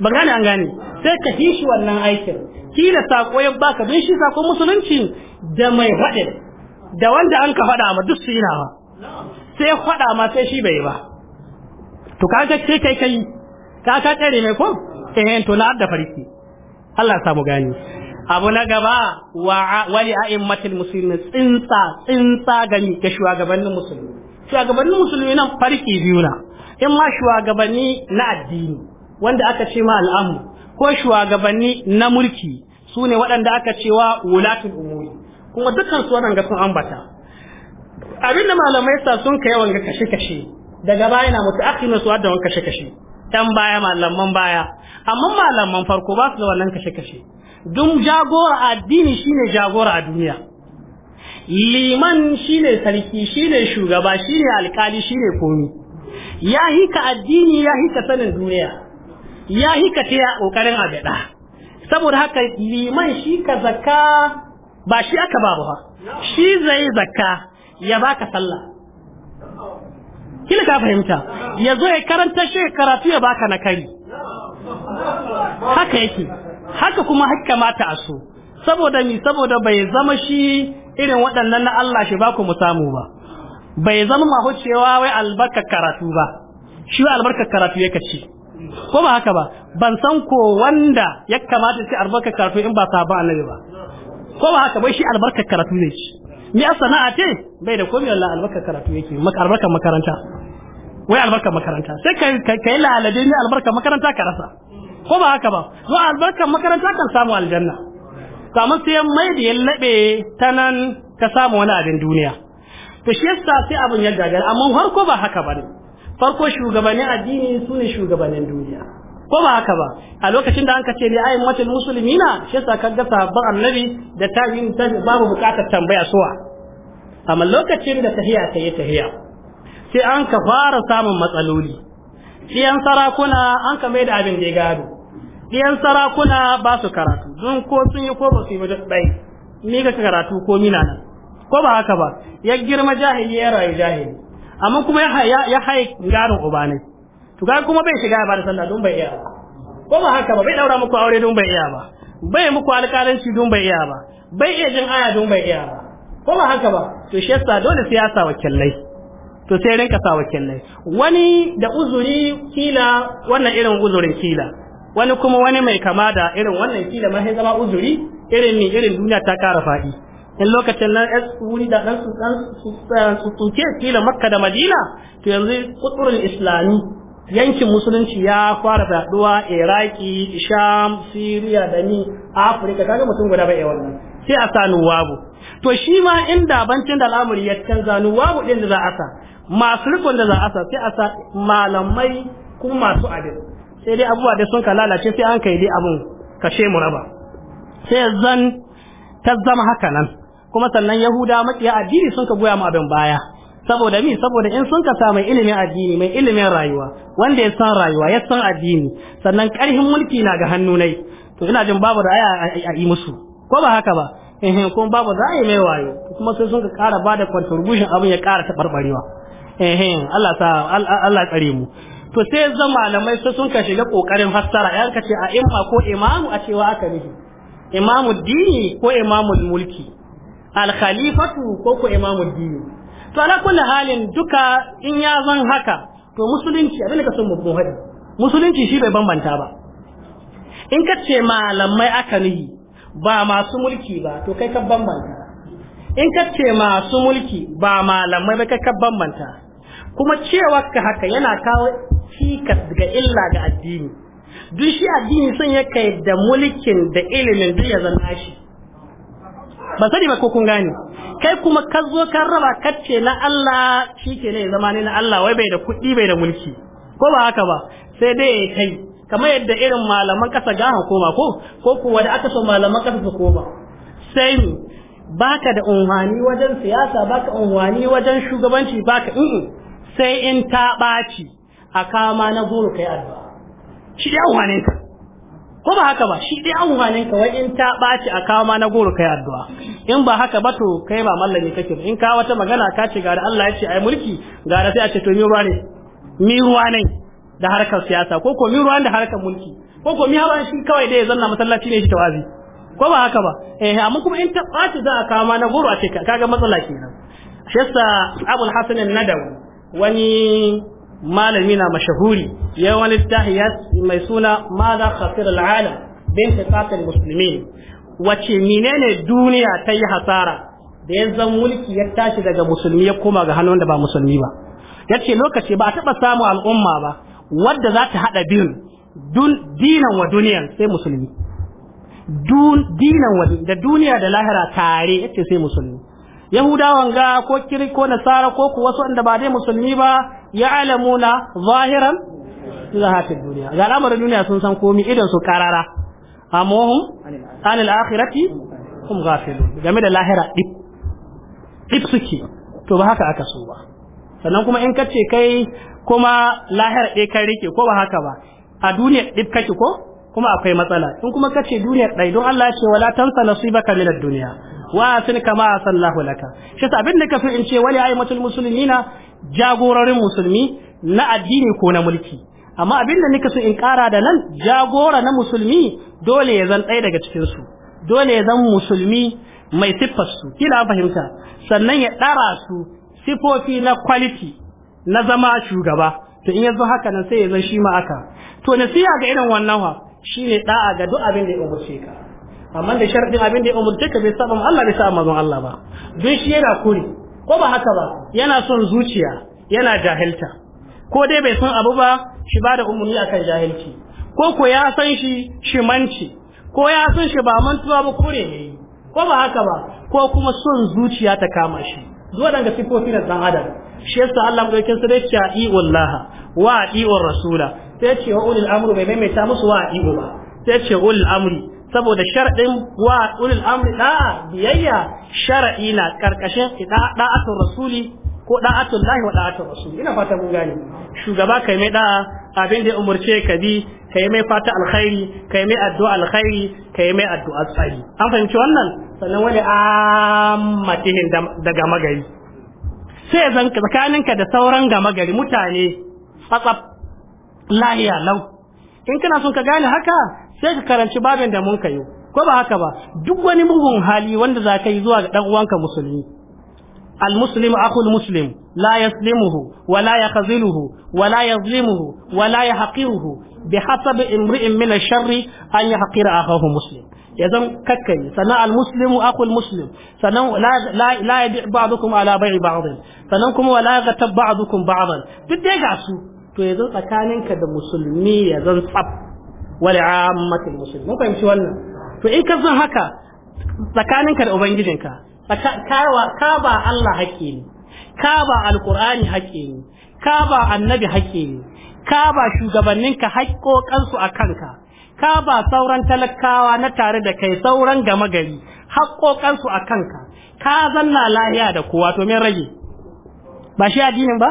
ba gane an gane sai ka hi shi wannan aikin kila sako ya baka don shi sako musulunci da mai faɗin da wanda an ka faɗa ma duk su yi nawa sai faɗa ma sai shi bai ba to kaga sai kai kai ka ka tsere mai ko eh to na adda farki Allah samu gani abu na gaba wa wali a'immatul muslimin tsinsa tsinsa gani ga shugabannin musulmi shugabannin musulmi nan farki biyu na in ma shugabanni na addini wanda aka ce ma al'amu ko shugabanni na mulki su ne waɗanda aka cewa wulatul umuri kuma dukkan su waɗanda sun ambata abinda malamai sa sun kai yawan ga kashe-kashe daga baya na mutu akhinu su da kashe-kashe dan baya malaman baya amma malaman farko ba su da wannan kashe-kashe dun jagora addini shine jagora a duniya liman shine sarki shine shugaba shine alkali shine komi ya hika addini ya hika sanin duniya ya hika ta ƙoƙarin abada saboda haka liman shi ka zakka ba shi aka babu ba shi zai zakka ya baka sallah kina ka fahimta ya zo ya karanta shi karatu ya baka na kari. haka yake haka kuma haka mata a so saboda ni saboda bai zama shi irin waɗannan na Allah shi ba ku mu samu ba bai zama mahu cewa wai albarka karatu ba shi albarka karatu yake ci ko ba haka ba ban san ko wanda ya kamata shi albarka karatu in ba sabon annabi ba ko ba haka bai shi albarka karatu ne ci ni a sana'a ce bai da komai wallah albarka karatu yake maka albarka makaranta wai albarka makaranta sai ka kai la'alade ni albarka makaranta ka rasa ko ba haka ba zo albarka makaranta kan samu aljanna samu sai mai da ya laɓe ta nan ka samu wani abin duniya to shi yasa sai abin ya gagara amma farko ba haka ba ne farko shugabannin addini su ne shugabannin duniya ko ba haka ba a lokacin da anka ce ne ayin matul muslimina shi yasa kaga sahabban annabi da tabi'in babu bukatar tambaya suwa amma lokacin da tahiya ta yi tahiya sai an ka fara samun matsaloli ɗiyan sarakuna an ka mai da abin da ya gado ɗiyan sarakuna ba su karatu don ko sun yi ko ba su yi ba ɗai ni ka karatu ko mina nan ko ba haka ba ya girma jahili ya rayu jahili amma kuma ya haye garin ubanai to ga kuma bai shiga ba da sallah don bai iya ba ko ba haka ba bai daura muku aure don bai iya ba bai muku alƙalanci don bai iya ba bai iya jin aya don bai iya ba ko ba haka ba to shi yasa dole sai ya sa wakilai to sai rinka sa wakilai wani da uzuri kila wannan irin uzurin kila wani kuma wani mai kama da irin wannan kila ma zama uzuri irin ni irin duniya ta kara faɗi in lokacin nan ya tsuri da ɗan su dan su kila makka da madina to yanzu kuturin islami yankin musulunci ya fara faduwa iraki sham siriya da ni afirka kaga mutum guda bai wannan sai a sa nuwabu to shi ma inda bancin da al'amuri ya canza nuwabu din da za a sa masu rikon da za a sa sai a sa malamai kuma masu abin sai dai abubuwa da sun ka lalace sai an kai dai abin kashe mu raba sai zan ta zama haka nan kuma sannan yahuda makiya addini sun ka goya mu abin baya saboda mi saboda in sun ka samu ilimin addini mai ilimin rayuwa wanda ya san rayuwa ya san addini sannan karhin mulki na ga hannu nai to ina jin babu da aya a yi musu ko ba haka ba eh kuma babu da yi mai wayo kuma sai sun ka kara bada contribution abin ya kara tabarbarewa eh Allah ta Allah tsare mu to sai zan malamai sai sun ka shiga kokarin fassara yar ka ce a imma ko imamu a cewa aka nufi imamu dini ko imamu mulki al khalifatu ko ko imamu dini to ala kulli halin duka in ya zan haka to musulunci abin da ka son ko hadi musulunci shi bai bambanta ba in ka ce malamai aka ni ba masu mulki ba to kai ka bambanta in ka ce masu mulki ba malamai ba kai ka bambanta kuma cewa ka haka yana kawo cikas ga illa ga addini duk shi addini sun ya kai da mulkin da ilimin duk ya zama shi ba sani ba ko kun gane kai kuma ka zo ka raba kacce na Allah ke ne zama ne na Allah wai bai da kuɗi bai da mulki ko ba haka ba sai dai ya kai kamar yadda irin malaman kasa ga hukuma ko ko kuwa da aka so malaman kasa su koma sai baka da unhani wajen siyasa baka unhani wajen shugabanci baka in sai in ta ɓaci a kama na goro kai addu'a shi ya unhane ka ko ba haka ba shi dai amfanin ka wai in ta baci a kawo ma na goro kai addu'a in ba haka ba to kai ba mallami kake in ka wata magana ka ce ga Allah ya ce ai mulki ga da sai a ce to mi ruwa ne mi ruwa ne da harkar siyasa ko ko mi ruwa da harkar mulki ko ko mi hawa shi kawai dai ya zanna masallaci ne shi tawazi ko ba haka ba eh amma kuma in ta baci za a kawo ma na goro a ce kaga matsala kenan shi yasa Abul Hasan an-Nadawi wani malami na mashahuri ya wani tahiyar mai suna mada khasir al'alam bin fasatar musulmi wace menene duniya ta yi hasara da ya zan mulki ya tashi daga musulmi ya koma ga hannun da ba musulmi ba ya ce lokaci ba a taɓa samu al'umma ba wadda za ta haɗa bin dinan wa duniyan sai musulmi dinan da duniya da lahira tare ya ce sai musulmi yahudawan ga ko kiri ko nasara ko kuwa wasu wanda ba dai musulmi ba ya'lamuna zahiran ad duniya ga al'amarin duniya sun san komi idan su karara amma hum anil akhirati hum ghafilun game da lahira dip dip suke to ba haka aka so ba sannan kuma in kace kai kuma lahira ɗaya kai rike ko ba haka ba a duniya dip kake ko kuma akwai matsala in kuma kace duniya ɗaya don Allah ya ce wala tansa nasibaka min ad-dunya wa asin kama sallahu laka shi abin da kafin in ce wali ayyatul muslimina jagororin musulmi na addini ko na mulki amma abin da nika so in kara da nan jagora na musulmi dole ya zan ɗaya daga cikin su dole ya zan musulmi mai siffar su kila fahimta sannan ya ɗara su sifofi na quality na zama shugaba to in yanzu haka nan sai ya zan shi ma aka to nasiha ga irin wannan wa shine da'a ga duk abin da ya umurce ka amma da sharadin abin da ya umurce ka bai saba Allah bai saba manzon Allah ba don shi yana kore ko ba haka ba yana son zuciya yana jahilta ko dai bai san abu ba shi ba da umarni akan jahilci ko ko ya san shi shi manci ko ya san shi ba mantuwa ba kore ne ko ba haka ba ko kuma son zuciya ta kama shi zuwa daga sifofi na dan adam shi yasa Allah mu dauke su da cewa wa iwar rasula sai ce wa ulil amru bai maimaita musu wa iwu ba sai ce ulil amri saboda sharɗin wa ulul amri da biyayya shar'i na karkashin da'atul rasuli ko da'atul lahi wa da'atul rasuli ina fata mun gane shugaba kai mai da'a abin da ya umurce ka bi kai mai fata alkhairi kai mai addu'a alkhairi kai mai addu'a tsari an fahimci wannan sannan wani ammatihin daga magari sai zan tsakaninka da sauran gama gari mutane tsatsaf lahiya lau in kana son ka gane haka sai ka karanci babin da mun kayo ko ba haka ba duk wani mugun hali wanda za ka yi zuwa ga dan uwanka musulmi المسلم أخو المسلم لا يسلمه ولا يخذله ولا يظلمه ولا يحقره بحسب امرئ من الشر أن يحقر أخاه مسلم يزن ككي سنا المسلم أخو المسلم سنا لا لا لا يبيع بعضكم على بيع بعض سنكم ولا يغتب بعضكم بعضا بدي قاسو تو يزن تكانين كده مسلمي يزن صب wa li'ammatil mun fahimci wannan to in ka san haka tsakaninka da ubangijinka ka ba Allah haƙƙi ne ka ba alqur'ani haƙƙi ne ka ba annabi haƙƙi ne ka ba shugabanninka haƙƙoƙansu a kanka ka ba sauran talakawa na tare da kai sauran gama gari haƙƙoƙansu a kanka ka zanna lahiya da kowa to min rage ba shi addinin ba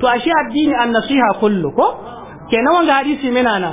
to a shi addini an nasiha kullu ko kenan wanga hadisi mina na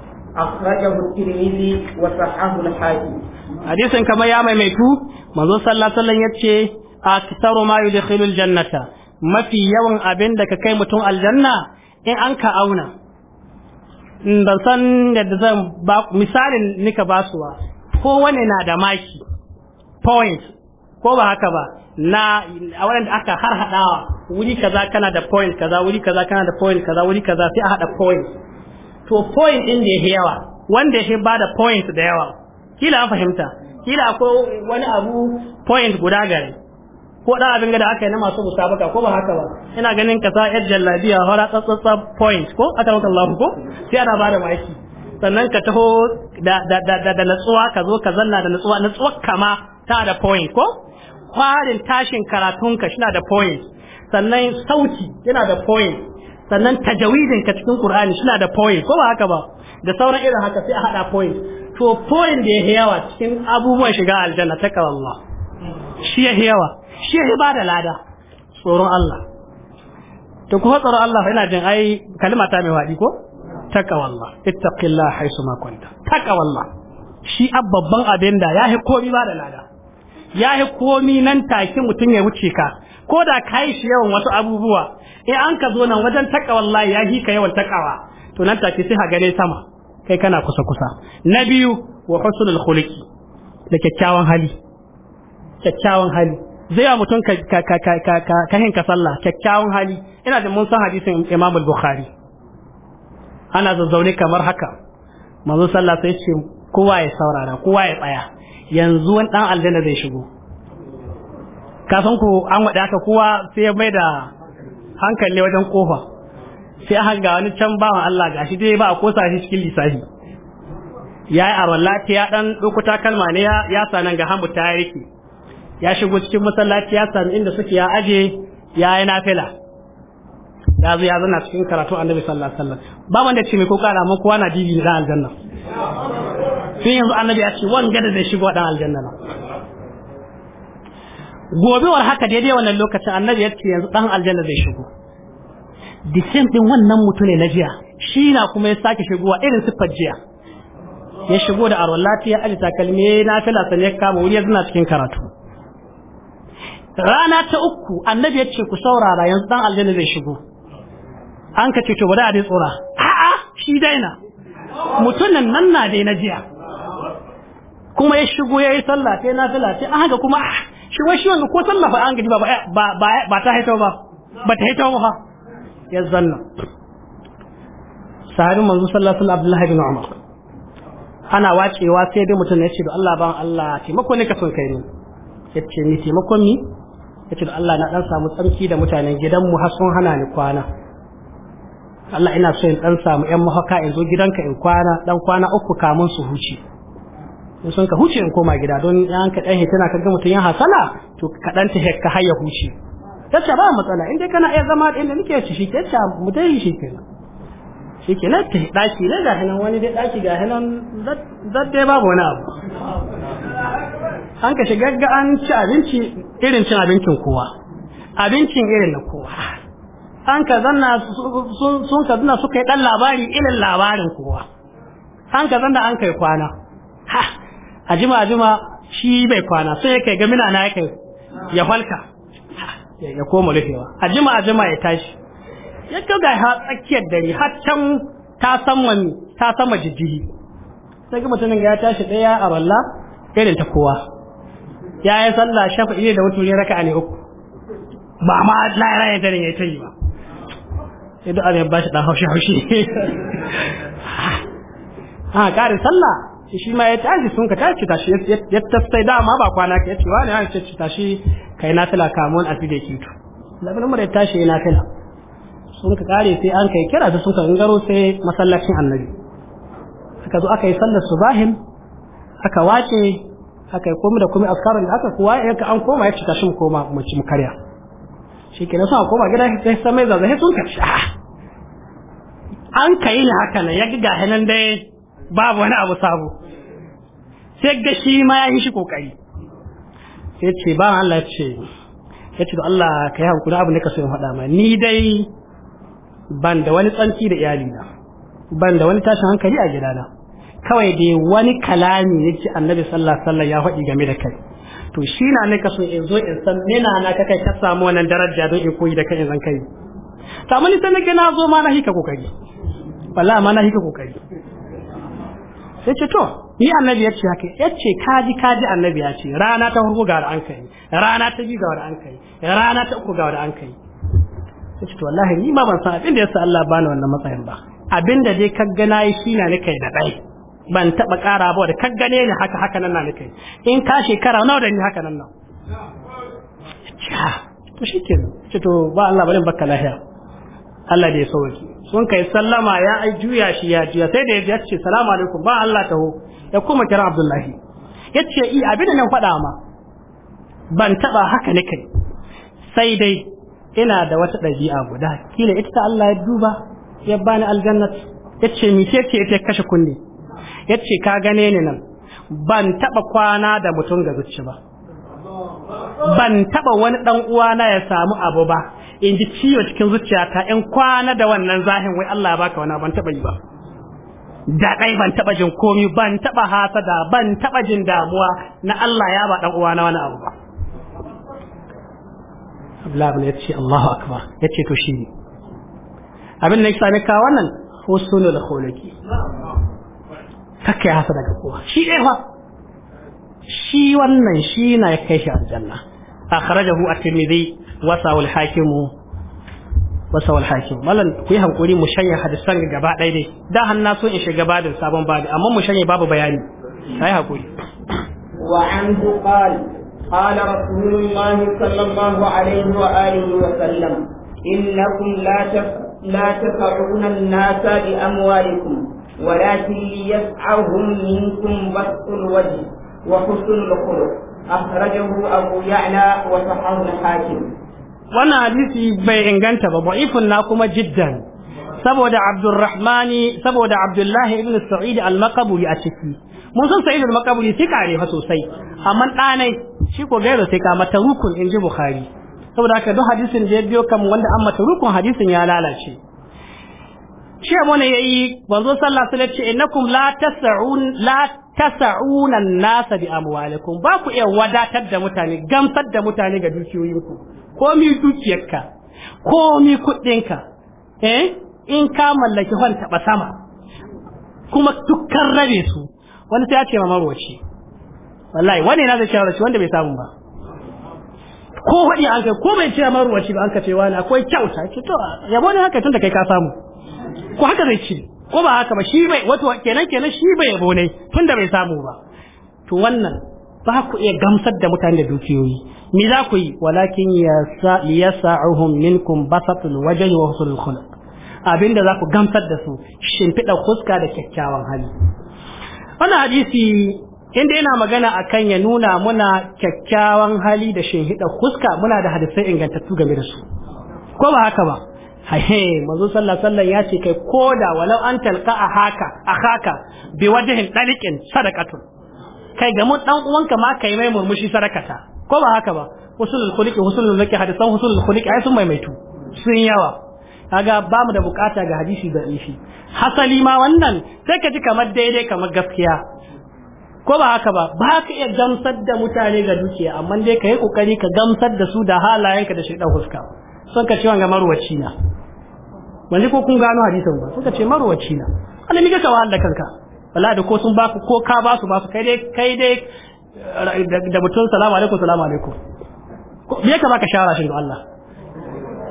أخرجه الترمذي وصححه الحاكم حديث كما يا ميميتو manzo صلى الله عليه yace aktaru ma ما jannata mafi yawan abin da ka kai mutum aljanna in an ka auna ban san yadda zan ba misalin nika basuwa ko wani na da maki point ko ba haka ba na a wadanda aka har hadawa wuri kaza kana da point kaza wuri kaza kana da point kaza wuri kaza sai a hada point to point din da yake yawa wanda yake bada point da yawa kila an fahimta kila akwai wani abu point guda gare ko da abin da aka yi na masu musabaka ko ba haka ba ina ganin ka sa yar jallabiya hora tsatsatsa point ko a maka Allah ko sai ana bada maki sannan ka taho da da da da natsuwa ka zo ka zanna da natsuwa natsuwa kama ta da point ko kwarin tashin karatun ka shi da point sannan sauti yana da point sannan tajawidinka cikin Qur'ani suna da point ko ba haka ba da sauran irin haka sai a haɗa point to point da ya yawa cikin abubuwan shiga aljanna ta kawalla shi ya yawa shi ya ba da lada tsoron Allah to kuma tsoron Allah yana jin ai kalma ta mai wadi ko takawallah ittaqillah haisu ma kunta kawalla shi babban abin da yahi komi ba da lada yahi komi nan take mutum ya wuce ka ko da kai shi yawan wasu abubuwa in an ka zo nan wajen takawa wallahi ya hi ka yawan takawa to nan take sai ha gare sama kai kana kusa kusa na biyu wa husnul khuluqi da kyakkyawan hali kyakkyawan hali zai ya mutum ka ka ka ka ka ka sallah kyakkyawan hali ina da mun san hadisin Imam al-Bukhari ana zazzaune kamar haka manzo sallah sai ce kowa ya saurara kowa ya tsaya yanzu wani dan aljanna zai shigo ka ku an wada haka kowa sai ya mai da hankali ne wajen kofa sai aka ga wani can bawan Allah gashi dai ba a kosa shi cikin lissafi ya yi arwallati ya dan lokuta kalma ne ya sanan ga hamu ta yake ya shigo cikin masallaci ya sami inda suke ya aje ya yi nafila ya zo ya zana cikin karatu annabi sallallahu alaihi wasallam ba da ce mai ko kara mun kowa na dibi da aljanna sai yanzu annabi ya ce wanga da zai shigo dan aljanna gobewar haka daidai wannan lokacin annabi ya ce yanzu dan aljanna zai shigo the same din wannan mutum ne na jiya shi na kuma ya sake shigowa irin su jiya ya shigo da arwar lafiya aji takalmi na fila sanye ya kama wuri ya zina cikin karatu rana ta uku annabi ya ce ku saurara yanzu dan aljanna zai shigo an ka ce to bada a dai tsora a'a shi daina mutumin nan na dai na jiya kuma ya shigo ya yi sallah sai na fila sai an haka kuma ah, shi wai shi wanzu ko sallah ba an gaji ba ba ta haito ba ba ta haito ba ya zanna sahabin manzo sallallahu alaihi abdullahi bin umar ana wacewa sai dai mutum ya ce da Allah ban Allah taimakon ne ka son kai ne ya ce ni taimakon ni ya ce da Allah na dan samu tsarki da mutanen gidanmu har sun hana ni kwana Allah ina so in dan samu yan mahaka in zo gidanka in kwana dan kwana uku kamun su huce sun ka huce in koma gida don yan ka dan hitana kaga mutun ya hasala to ka dan ta hekka har ya huce tace ba matsala in dai kana iya zama inda nake shi shi tace mutai shi kenan shi kenan ta daki ne ga hanan wani dai daki ga hanan zadde babu wani abu an ka shiga ga an ci abinci irin cin abincin kowa abincin irin na kowa an ka zanna sun ka zanna suka yi dan labari irin labarin kowa an ka zanna an kai kwana ha a jima a jima shi bai kwana sai ya kai ga mina na ya kai ya falka ya koma rufewa a jima a jima ya tashi ya ga ha tsakiyar dare har can ta sama ta sama jijjiri sai mutumin ya tashi daya a balla irin ta kowa ya yi sallah iya da wuturi a ne uku ba ma layara ya dare ya ta yi ba idan duk abin ba shi dan haushi haushi ha ƙarin sallah shi ma ya shi sun ka shi tashi ya tasai dama ba kwana ka yace wani an ce tashi kai na tala kamun a fide kitu labin umar ya tashi na tala sun ka kare sai an kai kira sai sun ka gangaro sai masallacin annabi aka zo aka yi sallar subahin aka wace aka yi komai da komai askarin da aka kuwa ya ka an koma ya ci tashi mu koma mu ci mu karya shi kenan sun koma gida sai sai mai zazzai sun ka an kai haka ne ya ga nan dai babu wani abu sabo sai ga shi ma ya yi shi kokari ya ce ba Allah ce ya ce da Allah ka yi hankuri abu ne ka so in faɗa ma ni dai ban da wani tsanci da iyali na, ban da wani tashin hankali a gida na, kawai dai wani kalami ya ce annabi sallallahu sallah ya faɗi game da kai to shi na ne ka so in zo in san me na na ka kai ka samu wannan daraja don in koyi da kai in zan kai ta mun ne ke na zo ma na hika kokari wallahi ma na hika kokari sai ce to ni annabi ya ce haka ya ce kaji kaji annabi ya ce rana ta hurgu ga wanda an kai rana ta biyu ga wani an kai rana ta uku ga wani an kai sai ce to wallahi ni ma ban san abin da yasa Allah bani wannan matsayin ba abin da dai ka gana yi shi na kai da dai ban taba kara ba da ka gane ni haka haka nan na kai in ka shekara nawa da ni haka nan nan to shi ke ce to ba Allah bari baka lahiya Allah da ya sauki sun kai sallama ya ai juya shi ya juya sai da ya ce salamu alaikum ba Allah taho ya kuma kira Abdullahi ya ce i abin da nan faɗa ma ban taɓa haka nake sai dai ina da wata ɗabi'a guda kila ita ta Allah ya duba ya bani aljannat ya ce mi ce ce ta kashe kunne ya ce ka gane ni nan ban taɓa kwana da mutum ga zuci ba ban taɓa wani ɗan uwana ya samu abu ba in ji ciwo cikin zuciyata in kwana da wannan zahin wai Allah ya baka wani ban taba yi ba da kai ban taba jin komi ban taba hasada ban taba jin damuwa na Allah ya ba dan uwa na wani abu ba Abdullah ibn yace Allahu akbar yace to shi abin da yasa ka wannan husnul khuluqi kake hasada ga kowa shi dai fa shi wannan shi na ya kai shi aljanna akhrajahu at-tirmidhi wasawul hakimu wasawul hakimu malam ku yi hankuri mu shanye hadisan gaba ɗaya dai da hannu na so in shiga sabon babi amma mu shanye babu bayani ai hakuri wa an qala قال رسول الله صلى الله عليه وآله وسلم إنكم لا لا تفعون الناس بأموالكم ولكن ليسعهم منكم بسط الوجه وحسن الخلق أخرجه أبو يعلى وصححه الحاكم wannan hadisi bai inganta ba da'ifun na kuma jiddan saboda Abdurrahmani saboda Abdullahi ibn Sa'id al-Maqburi a ciki mun san Sa'id al-Maqburi sai kare fa sosai amma ɗanai shi ko gairo sai ka mata rukun inji Bukhari saboda haka duk hadisin da ya biyo kan wanda an mata rukun hadisin ya lalace shi abu ne yayi manzo sallallahu alaihi wasallam ce innakum la tas'un la tas'una an-nas bi amwalikum ba ku iya wadatar da mutane gamsar da mutane ga dukiyoyinku Komi dukiyarka komi kuɗinka eh in ka mallaki wani taɓa sama kuma dukkan rabe su wani sai ya ce ma wallahi wani na zai ce shi wanda bai samu ba ko faɗi an kai ko bai ce wace ba an kace wani akwai kyauta ce to yabo ne haka tun da kai ka samu ko haka zai ce ko ba haka ba shi bai wato kenan kenan shi bai yabo ne tun da bai samu ba to wannan ba ku iya gamsar da mutane da dukiyoyi me za ku yi walakin yasa'uhum minkum basatul wajhi wa husnul khuluq abinda za ku gamsar da su shimfiɗa fuska da kyakkyawan hali wannan hadisi inda yana magana akan ya nuna muna kyakkyawan hali da shimfiɗa fuska muna da hadisai ingantattu game da su ko ba haka ba hahe manzo sallallahu alaihi ya ce kai koda walau an talqa a haka a haka bi wajhin daliqin sadaqatun kai ga mun dan uwanka ma kai mai murmushi sarakata ko ba haka ba husulul khuliqi husulul laki hadisan husulul khuliqi ai sun maimaitu sun yawa kaga ba mu da bukata ga hadisi da ishi hasali ma wannan sai ka ji kamar daidai kamar gaskiya ko ba haka ba ba ka iya gamsar da mutane ga dukiya amma dai ka yi kokari ka gamsar da su da halayenka da shaidan huska sun ka ce wanga marwaci na wani ko kun gano hadisan ba suka ce marwaci na alimi ga kawo Allah kanka Wala da ko sun baku ko ka ba su ba su kai dai kai dai da mutum salamu alaikum salamu alaikum me yake baka shara shi ga Allah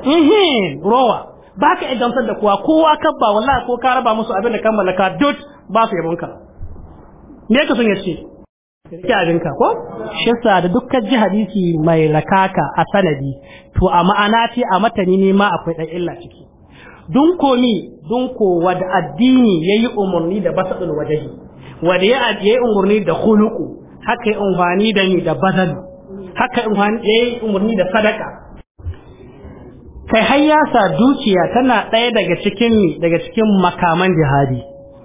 mhm rowa baka idamsar da kowa kowa ba wallahi ko ka raba musu abin da kan malaka dut ba su yabonka me ka sun yace ki abinka ko shi sa da dukkan ji hadisi mai rakaka a sanadi to a ma'ana ce a matani ne ma akwai dan illa ciki dun komi dun ko wada addini yayi umurni da basadul wajahi wada ya yayi umurni da khuluqu haka yi umarni da ni da badal haka yayi umurni da sadaka kai har ya sa dukiya tana ɗaya daga cikin daga cikin makaman jihadi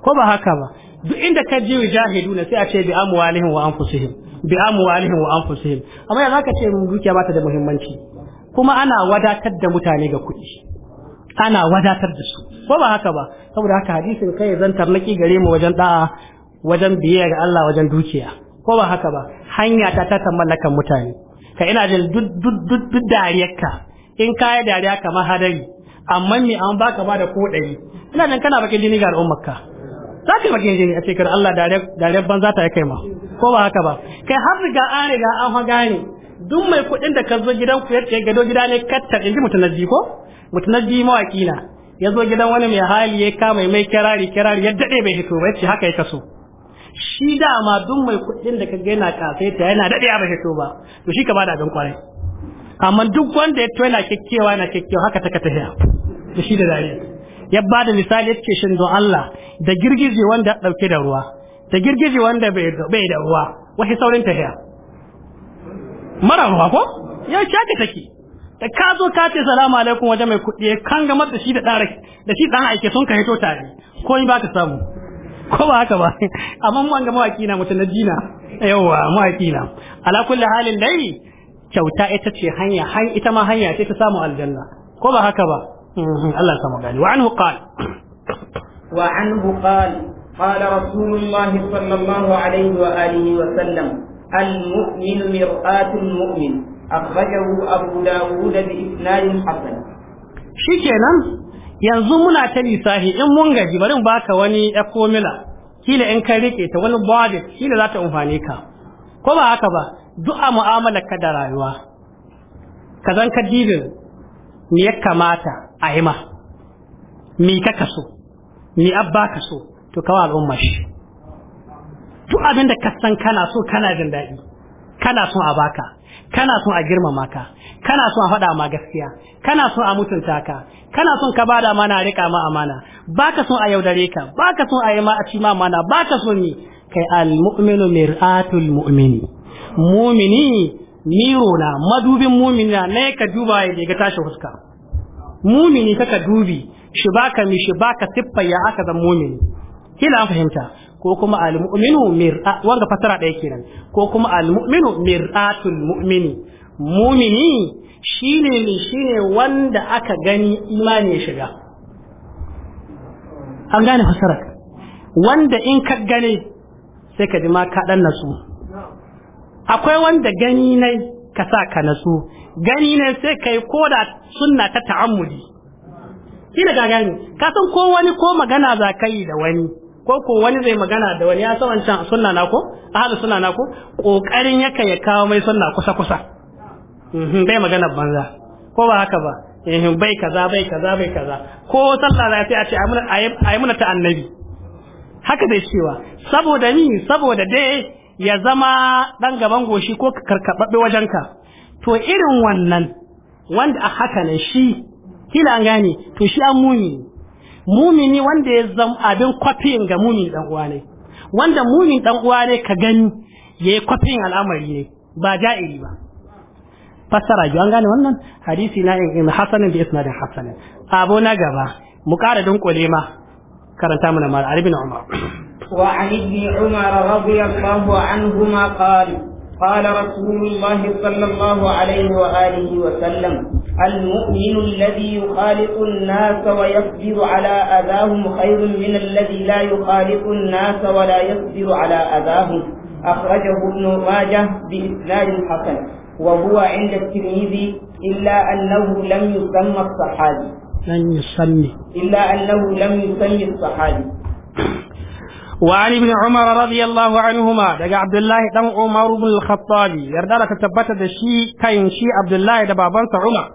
ko ba haka ba duk inda ka ji jahiduna sai a ce bi amwalihim wa anfusihim bi amwalihim wa anfusihim amma ya zaka ce dukiya ba ta da muhimmanci kuma ana wadatar da mutane ga kuɗi ana wadatar da su ko ba haka ba saboda haka hadisin kai zan tarnaki gare mu wajen da'a wajen biyayya ga Allah wajen dukiya ko ba haka ba hanya ta ta mallakan mutane ka ina jin duk dariyarka in kaya dariya kamar hadari amma me an baka ba da kodari ina nan kana bakin jini ga al'ummarka za ka bakin jini a cikin Allah dariyar banza ta yi kai ma ko ba haka ba kai har riga an riga an haga ne. duk mai kuɗin da ka zo gidan ku yadda gado gida ne katta inji mutanazzi ko mutanazzi mawaƙi na ya zo gidan wani mai hali ya kama mai kirari kirari ya daɗe bai hito ba ce haka ya kaso shi dama duk mai kuɗin da ka ga yana ta yana daɗe bai hito ba to shi ka bada abin kwarai amma duk wanda ya tona kekewa yana kekewa haka ta ka ya da shi da dare. ya ba da misali yake shin don Allah da girgije wanda ya ɗauke da ruwa da girgije wanda bai da ruwa wahi saurin tafiya mara ruwa ko ya shaka take da ka zo ka ce salamu alaikum waje mai kuɗi kan gamar da shi da ɗan da shi ɗan aike sun ka hito tare ko in baka samu ko ba haka ba amma mu an ga mawaki na mutum na jina yawa mawaki na ala kulli halin dai kyauta ita ce hanya ita ma hanya ce ta samu aljanna ko ba haka ba mm-hmm, Allah ya samu gani wa anhu qala wa anhu qala qala rasulullahi sallallahu alaihi wa alihi wa sallam المؤمن مرآة المؤمن أخرجه أبو داود بإسناد حسن شكرا yanzu muna ta lissafi in mun gaji bari in baka wani ya komila kila in ka rike ta wani body kila za ta amfane ka ko ba haka ba du'a mu'amala ka da rayuwa ka zan ka dibin me ya kamata a yi ma me ka kaso me abba kaso to kawo al'umma shi duk abin da ka san kana so kana jin daɗi kana so a baka kana so a girmama ka kana so a faɗa ma gaskiya kana so a mutunta ka kana so ka bada mana rika ma amana baka son a yaudare ka baka son a yi ma a ci ma amana baka so ni kai al-mu'minu mir'atul mu'mini mu'mini miro na madubin mu'mina ne ka duba ya ga tashi fuska mu'mini kaka dubi shi baka mi shi baka siffa ya aka zan mu'mini kila an fahimta ko kuma al-mu'minu mir'a wanga fasara yake nan, ko kuma al-mu'minu mir'atul mu'mini mu'mini shine ne shine wanda aka gani imani ya shiga an gane fasara wanda in ka gane sai ka ji ma ka dan nasu akwai wanda gani ne ka sa ka nasu gani ne sai kai koda sunna ta ta'ammudi kina ga gani ka san ko wani ko magana za ka yi da wani ko ko wani zai magana da wani ya san wancan sunna na ko ahlus sunna na ko kokarin yaka ya kawo mai sunna kusa kusa mhm bai magana banza ko ba haka ba eh bai kaza bai kaza bai kaza ko sallah za ta ce ayi mun ta annabi haka dai cewa saboda ni saboda dai ya zama dan gaban goshi ko karkabbe wajenka to irin wannan wanda a haka ne shi kila an gane to shi an muni mumini wanda ya zama abin kwafiyin ga mumini dan uwa ne wanda mumini dan uwa ne ka gani yayi kwafiyin al'amari ne ba ja'iri ba fassara ji an gane wannan hadisi na in hasanin da isnadin hasanin abu na gaba mu ƙara dunkule ma karanta mana mal arabin umar وعن ابن عمر رضي an عنهما قال قال رسول الله صلى الله عليه وآله وسلم المؤمن الذي يخالط الناس ويصبر على أذاهم خير من الذي لا يخالط الناس ولا يصبر على أذاهم أخرجه ابن ماجه بإسناد حسن وهو عند الترمذي إلا أنه لم يسمى الصحابي لم يسمي إلا أنه لم يسمي الصحابي وعن ابن عمر رضي الله عنهما دقى عبد الله دم عمر بن الخطاب يردار تتبت دشي كاين شي عبد الله دبابان عمر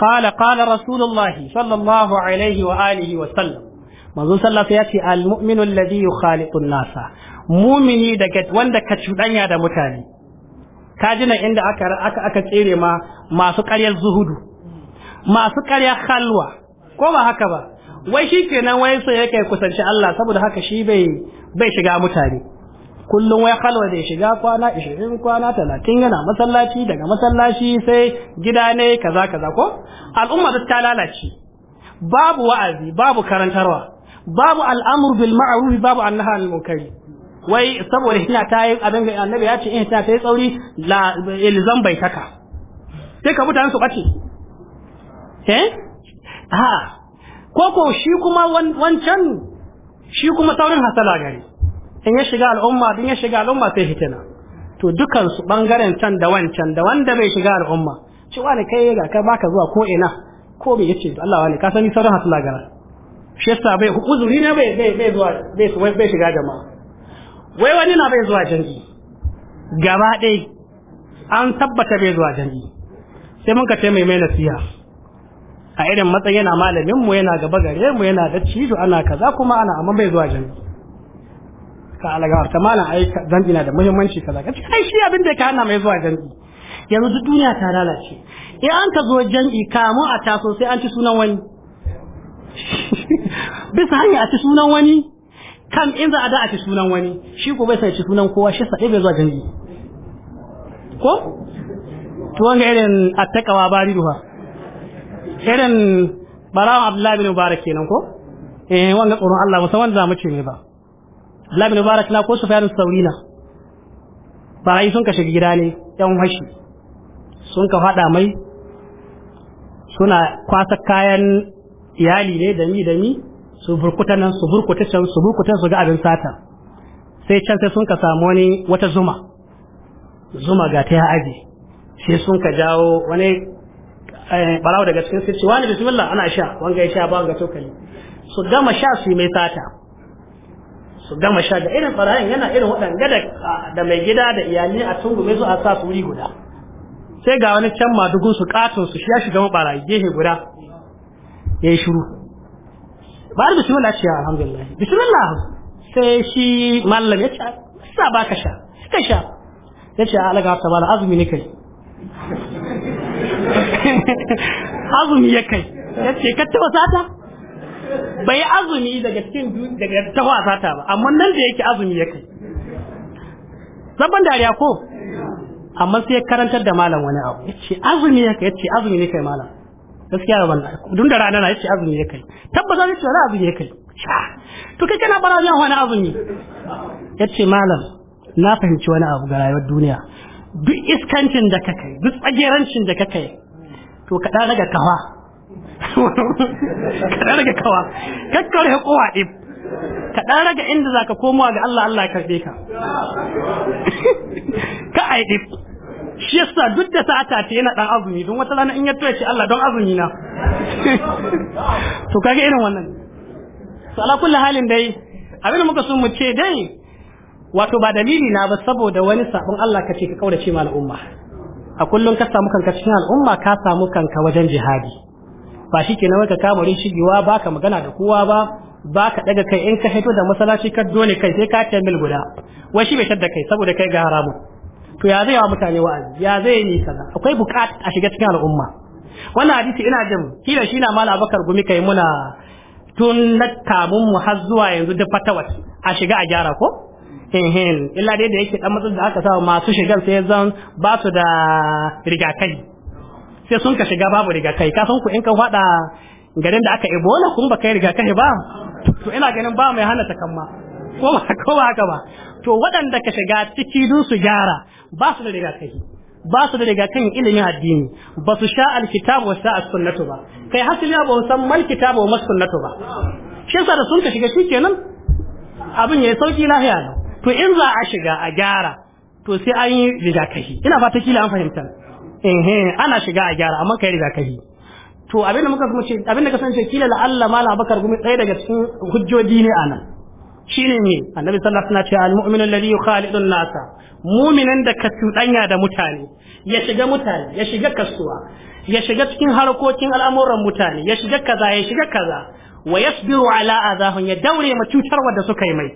قال قال رسول الله صلى الله عليه وآله وسلم manzon sallah ya ce almu'minu alladhi yukhaliqun nasa mumini da wanda ka cuɗanya da mutane ka ji nan inda aka aka aka tsere ma masu ƙaryar zuhudu masu ƙaryar halwa ko ba haka ba wai shi kenan wai sai yake kusanci Allah saboda haka shi bai bai shiga mutane kullum wai halwa zai shiga kwana 20 kwana 30 yana masallaci daga masallaci sai gida ne kaza kaza ko al'umma da ta lalace babu wa'azi babu karantarwa babu al'amur bil ma'ruf babu annaha al munkari wai saboda ina ta yi abin ga annabi ya ce in eh, ta yi tsauri la ilzam bai taka sai ka mutane su bace eh ha ko ko shi kuma wancan shi kuma saurin hasala gari in ya shiga al'umma din ya shiga al'umma sai hitina to dukan su bangaren can da wancan da wanda bai shiga al'umma ci wani kai ga kai baka zuwa ko ina ko bai yace to Allah wani ka sani saurin hasala gara shi yasa bai uzuri ne bai bai bai zuwa bai bai shiga jama'a wai wani na bai zuwa janji gaba dai an tabbata bai zuwa janji sai mun ka taimai mai mai nasiha a irin matsayi yana malamin mu yana gaba gare mu yana da cijo ana kaza kuma ana amma bai zuwa jami'i ka alaga ta malam ai zambi na da muhimmanci kaza ka ai shi abin da ka hana mai zuwa jami'i yanzu duk duniya ta lalace in an ka zo ka kamu a taso sai an ci sunan wani bisa hanya a ci sunan wani kam in za a da a ci sunan wani shi ko bai sai ci sunan kowa shi sa bai zuwa jami'i ko to wanga irin attakawa bari duha irin barawa abdullahi bin mubarak kenan ko eh wanga tsoron Allah musamman wanda mu ce me ba abdullahi bin mubarak na ko sufyan saurina barayi sun kashe gida ne yan hashi sun ka fada mai suna kwasa kayan iyali ne da mi da mi su burkuta nan su burkuta can su burkuta su ga abin sata sai can sai sun ka samu wani wata zuma zuma ga ta aji sai sun ka jawo wani Eh, barawa daga cikin sirci wani bismillah ana sha wanga ya sha ba wanga tokali su gama sha su yi mai sata su gama sha da irin farayin yana irin waɗanga da mai gida da iyali a tungume su a sa su wuri guda sai ga wani can dugun su katon su ya shiga mabarayi gehe guda ya yi shiru ba da bismillah ce alhamdulillah bismillah sai shi mallam ya ce sa ba ka sha ka sha ya ce alaga ta bala azumi ne kai azumi ya kai ya ce ka taba sata bai azumi daga cikin daga tawa sata ba amma nan da yake azumi ya kai zaban dariya ko amma sai karantar da malam wani abu Ya ce azumi ya kai ya ce azumi ne kai malam gaskiya da wallahi dun da rana na ce azumi ya kai tabbata yace wani azumi ya kai to kai kana bara yan wani azumi Ya ce malam na fahimci wani abu ga rayuwar duniya duk iskancin da kakai duk tsagerancin da kakai to ka dan raga kawa ka dan rage kawa kakkar ya kowa ɗin ka dan raga inda za ka komowa ga Allah Allah ya karɓe ka ka a yi shi yasa duk da sa'ata ta yana ɗan azumi don wata rana in ya tura shi Allah don azumi na to kaga irin wannan to ala kulli halin dai abin da muka so mu ce dai wato ba dalili na ba saboda wani sabon Allah kace ka kaurace ma al'umma a kullum ka samu kanka cikin al'umma ka samu kanka wajen jihadi ba shi ke nawa ka kamari shigewa ba ka magana da kowa ba ba ka daga kai in ka haifar da masalaci ka dole kai sai ka ce mil guda wai shi bai tadda kai saboda kai ga haramu to ya zai wa mutane wa'azi ya zai yi kaza akwai bukat a shiga cikin al'umma wannan hadisi ina jin kila shi na mala abakar gumi kai muna tun na kamun mu har zuwa yanzu da fatawat a shiga a gyara ko hin illa dai da yake dan matsalar da aka samu masu shigar sai zan ba su da rigakai sai sun ka shiga babu rigakai ka san ku in ka fada garin da aka ebola kun ba kai rigakai ba to ina ganin ba mai hana kamma ko ba ko ba haka ba to waɗanda ka shiga ciki dun su gyara ba su da rigakai ba su da rigakai ilimin addini ba su sha alkitabu wa sa'a sunnatu ba kai hasili ba san mal kitabu wa sunnatu ba shin sa da sun ka shiga kenan abin ya sauki lafiya ne to in za a shiga a gyara to sai an yi rigakafi ina fata kila an fahimta ana shiga a gyara amma kai rigakafi to abinda muka kuma ce abinda ka sance kila la Allah mala bakar gumi tsaye daga cikin hujjoji ne anan shine ne annabi sallallahu alaihi wasallam ce al-mu'minu alladhi yukhalidun nasa mu'minan da ka cuɗanya da mutane ya shiga mutane ya shiga kasuwa ya shiga cikin harkokin al'amuran mutane ya shiga kaza ya shiga kaza wa yasbiru ala adahum ya daure ma cutar da suka yi mai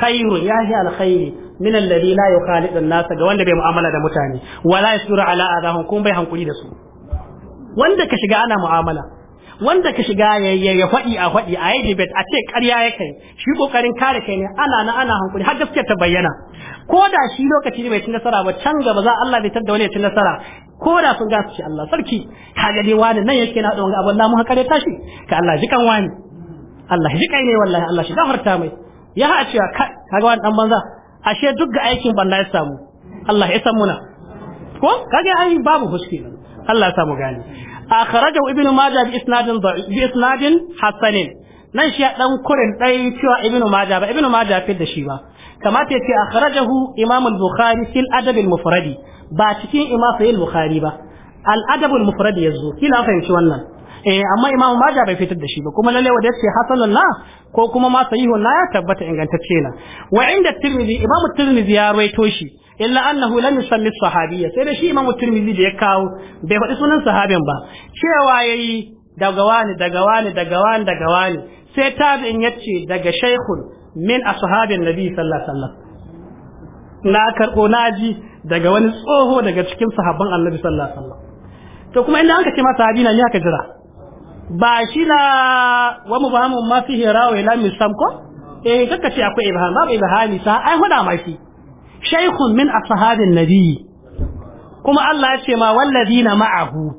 khairu yahi alkhairi min alladhi la yukhalidu an-nas ga wanda bai mu'amala da mutane wala yasbiru ala adahum kun bai hankuri da su wanda ka shiga ana mu'amala wanda ka shiga ya faɗi a faɗi a yi debate a ce ƙarya ya kai shi kokarin kare kai ne ana na ana hankuri har gaskiya ta bayyana ko da shi lokaci ne bai ci nasara ba can gaba za Allah bai tadda wani ya ci nasara ko da sun gasu shi Allah sarki kaga dai wani nan yake na ɗan abu Allah mu hakare tashi ka Allah jikan wani Allah shi kai ne wallahi Allah shi gafarta mai ya ha cewa kaga wani dan banza ashe duk ga aikin banda ya samu Allah ya san muna ko kage ai babu fuski Allah ya samu gani akhrajahu ibnu majah bi isnadin bi isnadin hasanin nan shi dan kurin dai cewa ibnu majah ba ibnu majah fi da shi ba kamata ya ce akhrajahu imam al-bukhari fil adab al-mufradi ba cikin imam sahih al-bukhari ba al-adab al-mufradi yazo kila fahimci wannan eh amma imam maja bai fitar da shi ba kuma lalle wanda yace hasanun na ko kuma ma sahihu na ya tabbata ingantacce na wa inda tirmidhi imam tirmidhi ya rawaito shi illa annahu lam yusalli sahabiyya sai da shi imam tirmidhi da ya kawo bai faɗi sunan sahabin ba cewa yayi daga wani daga wani daga wani daga wani sai tabi'in yace daga shaykhun min ashabin nabi sallallahu alaihi wasallam na karbo naji daga wani tsoho daga cikin sahabban annabi sallallahu alaihi wasallam to kuma inda aka ce masa sahabi na ni aka jira ba shi na wa mubhamun ma fihi rawi lam yusam ko eh kaka ce akwai ibham babu ibhami sa ai huda ma shi shaykhun min ashabin nabi kuma Allah ya ce ma walladina ma'ahu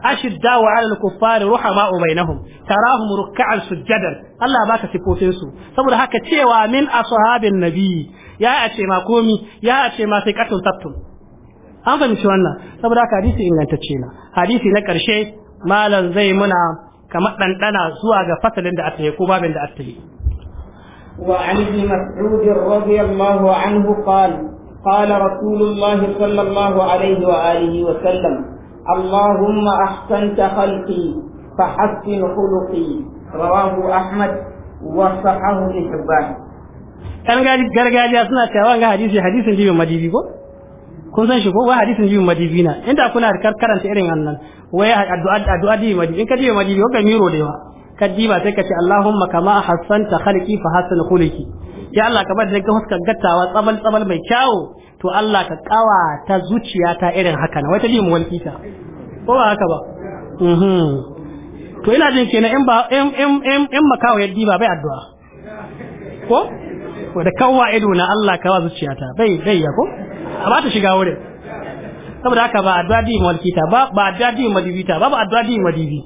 ashiddaw 'ala al-kuffari ruhama'u bainahum tarahum ruk'an sujjadan Allah baka sifofin su saboda haka cewa min ashabin nabi ya a ce ma komi ya a ce ma sai katun sabtun an fahimci wannan saboda haka hadisi ingantacce na hadisi na karshe malam zai muna kamar ɗanɗana zuwa ga fasalin da aka yi ko babin da aka yi. Wa an ji mas'udin radiyallahu anhu qala qala rasulullahi sallallahu alaihi wa alihi wa sallam Allahumma ahsanta khalqi fa hasin khuluqi rawahu Ahmad wa sahahu Ibn Hibban. Kan gargajiya suna cewa ga hadisi hadisin Ibn Majidi ko? kun san shi ko wai hadisin jibin madibina inda kuna karanta irin annan wai addu'a addu'a jibin madibi in ka jibin madibi ko ka miro da yawa ka jiba sai ka ce Allahumma kama hassanta khalqi fa hassan khuluqi ya Allah ka bada ga huskar gattawa tsabal tsabal mai kyawo to Allah ka kawa ta zuciya ta irin haka na wata jibin walkita ko ba haka ba mhm to ina jin kenan in ba in in in makawo ya diba bai addu'a ko wanda kawwa ido na Allah kawa zuciyata bai bai ya ko ba ta shiga wurin saboda haka ba addu'a di malkita ba ba addu'a di madibita ba ba addu'a di madibi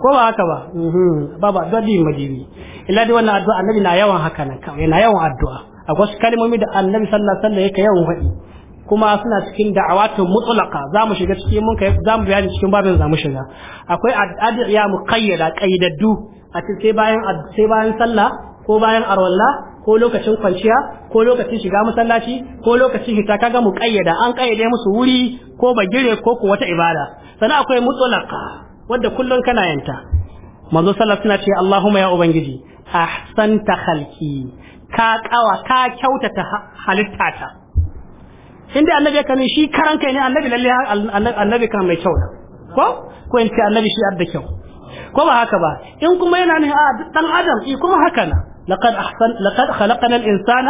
ko ba haka ba ba mhm. ba addu'a di madibi illa dai wannan addu'a annabi na yawan haka nan kawai yana yawan addu'a akwai wasu kalmomi da annabi sallallahu alaihi wasallam yake yawan faɗi kuma suna cikin da'awatu mutlaqa za mu shiga cikin mun kai za mu bayani cikin babin za mu shiga akwai addu'a muqayyada qaidaddu a cikin sai bayan sai bayan sallah ko bayan arwalla ko lokacin kwanciya ko lokacin shiga masallaci ko lokacin hita kaga mu kayyada an kayyade musu wuri ko bagire ko ko wata ibada sannan akwai mutlaqa wanda kullun kana yanta manzo sallallahu alaihi wasallam ce Allahumma ya ubangiji ahsanta khalqi ka kawa ka kyautata halittata inda annabi kan shi karan kai ne annabi lalle annabi kan mai kyau ko ko in ce annabi shi adda kyau ko ba haka ba in kuma yana ne a ah, dan adam i kuma haka na لقد أحسن لقد خلقنا الإنسان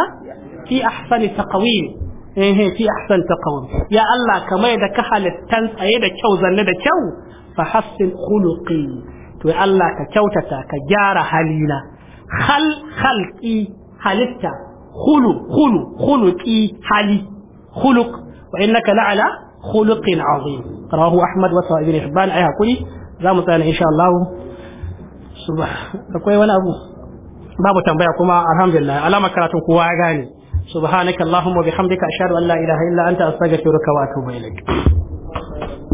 في أحسن تقويم ya Allah ka mai da ka halittan tsaye da kyau zanne da kyau fa hassin khuluqi to ya Allah ka kyautata ka gyara halina khal khalqi halitta khulu khulu khuluqi hali khuluq wa innaka la'ala khuluqin azim rawahu ahmad wa sahih ibn hibban ai hakuri insha abu babu tambaya kuma alhamdulillah alama karatun kowa ya gane subhanakallahumma bihamdika ashhadu an la ilaha illa anta astaghfiruka wa atubu ilaik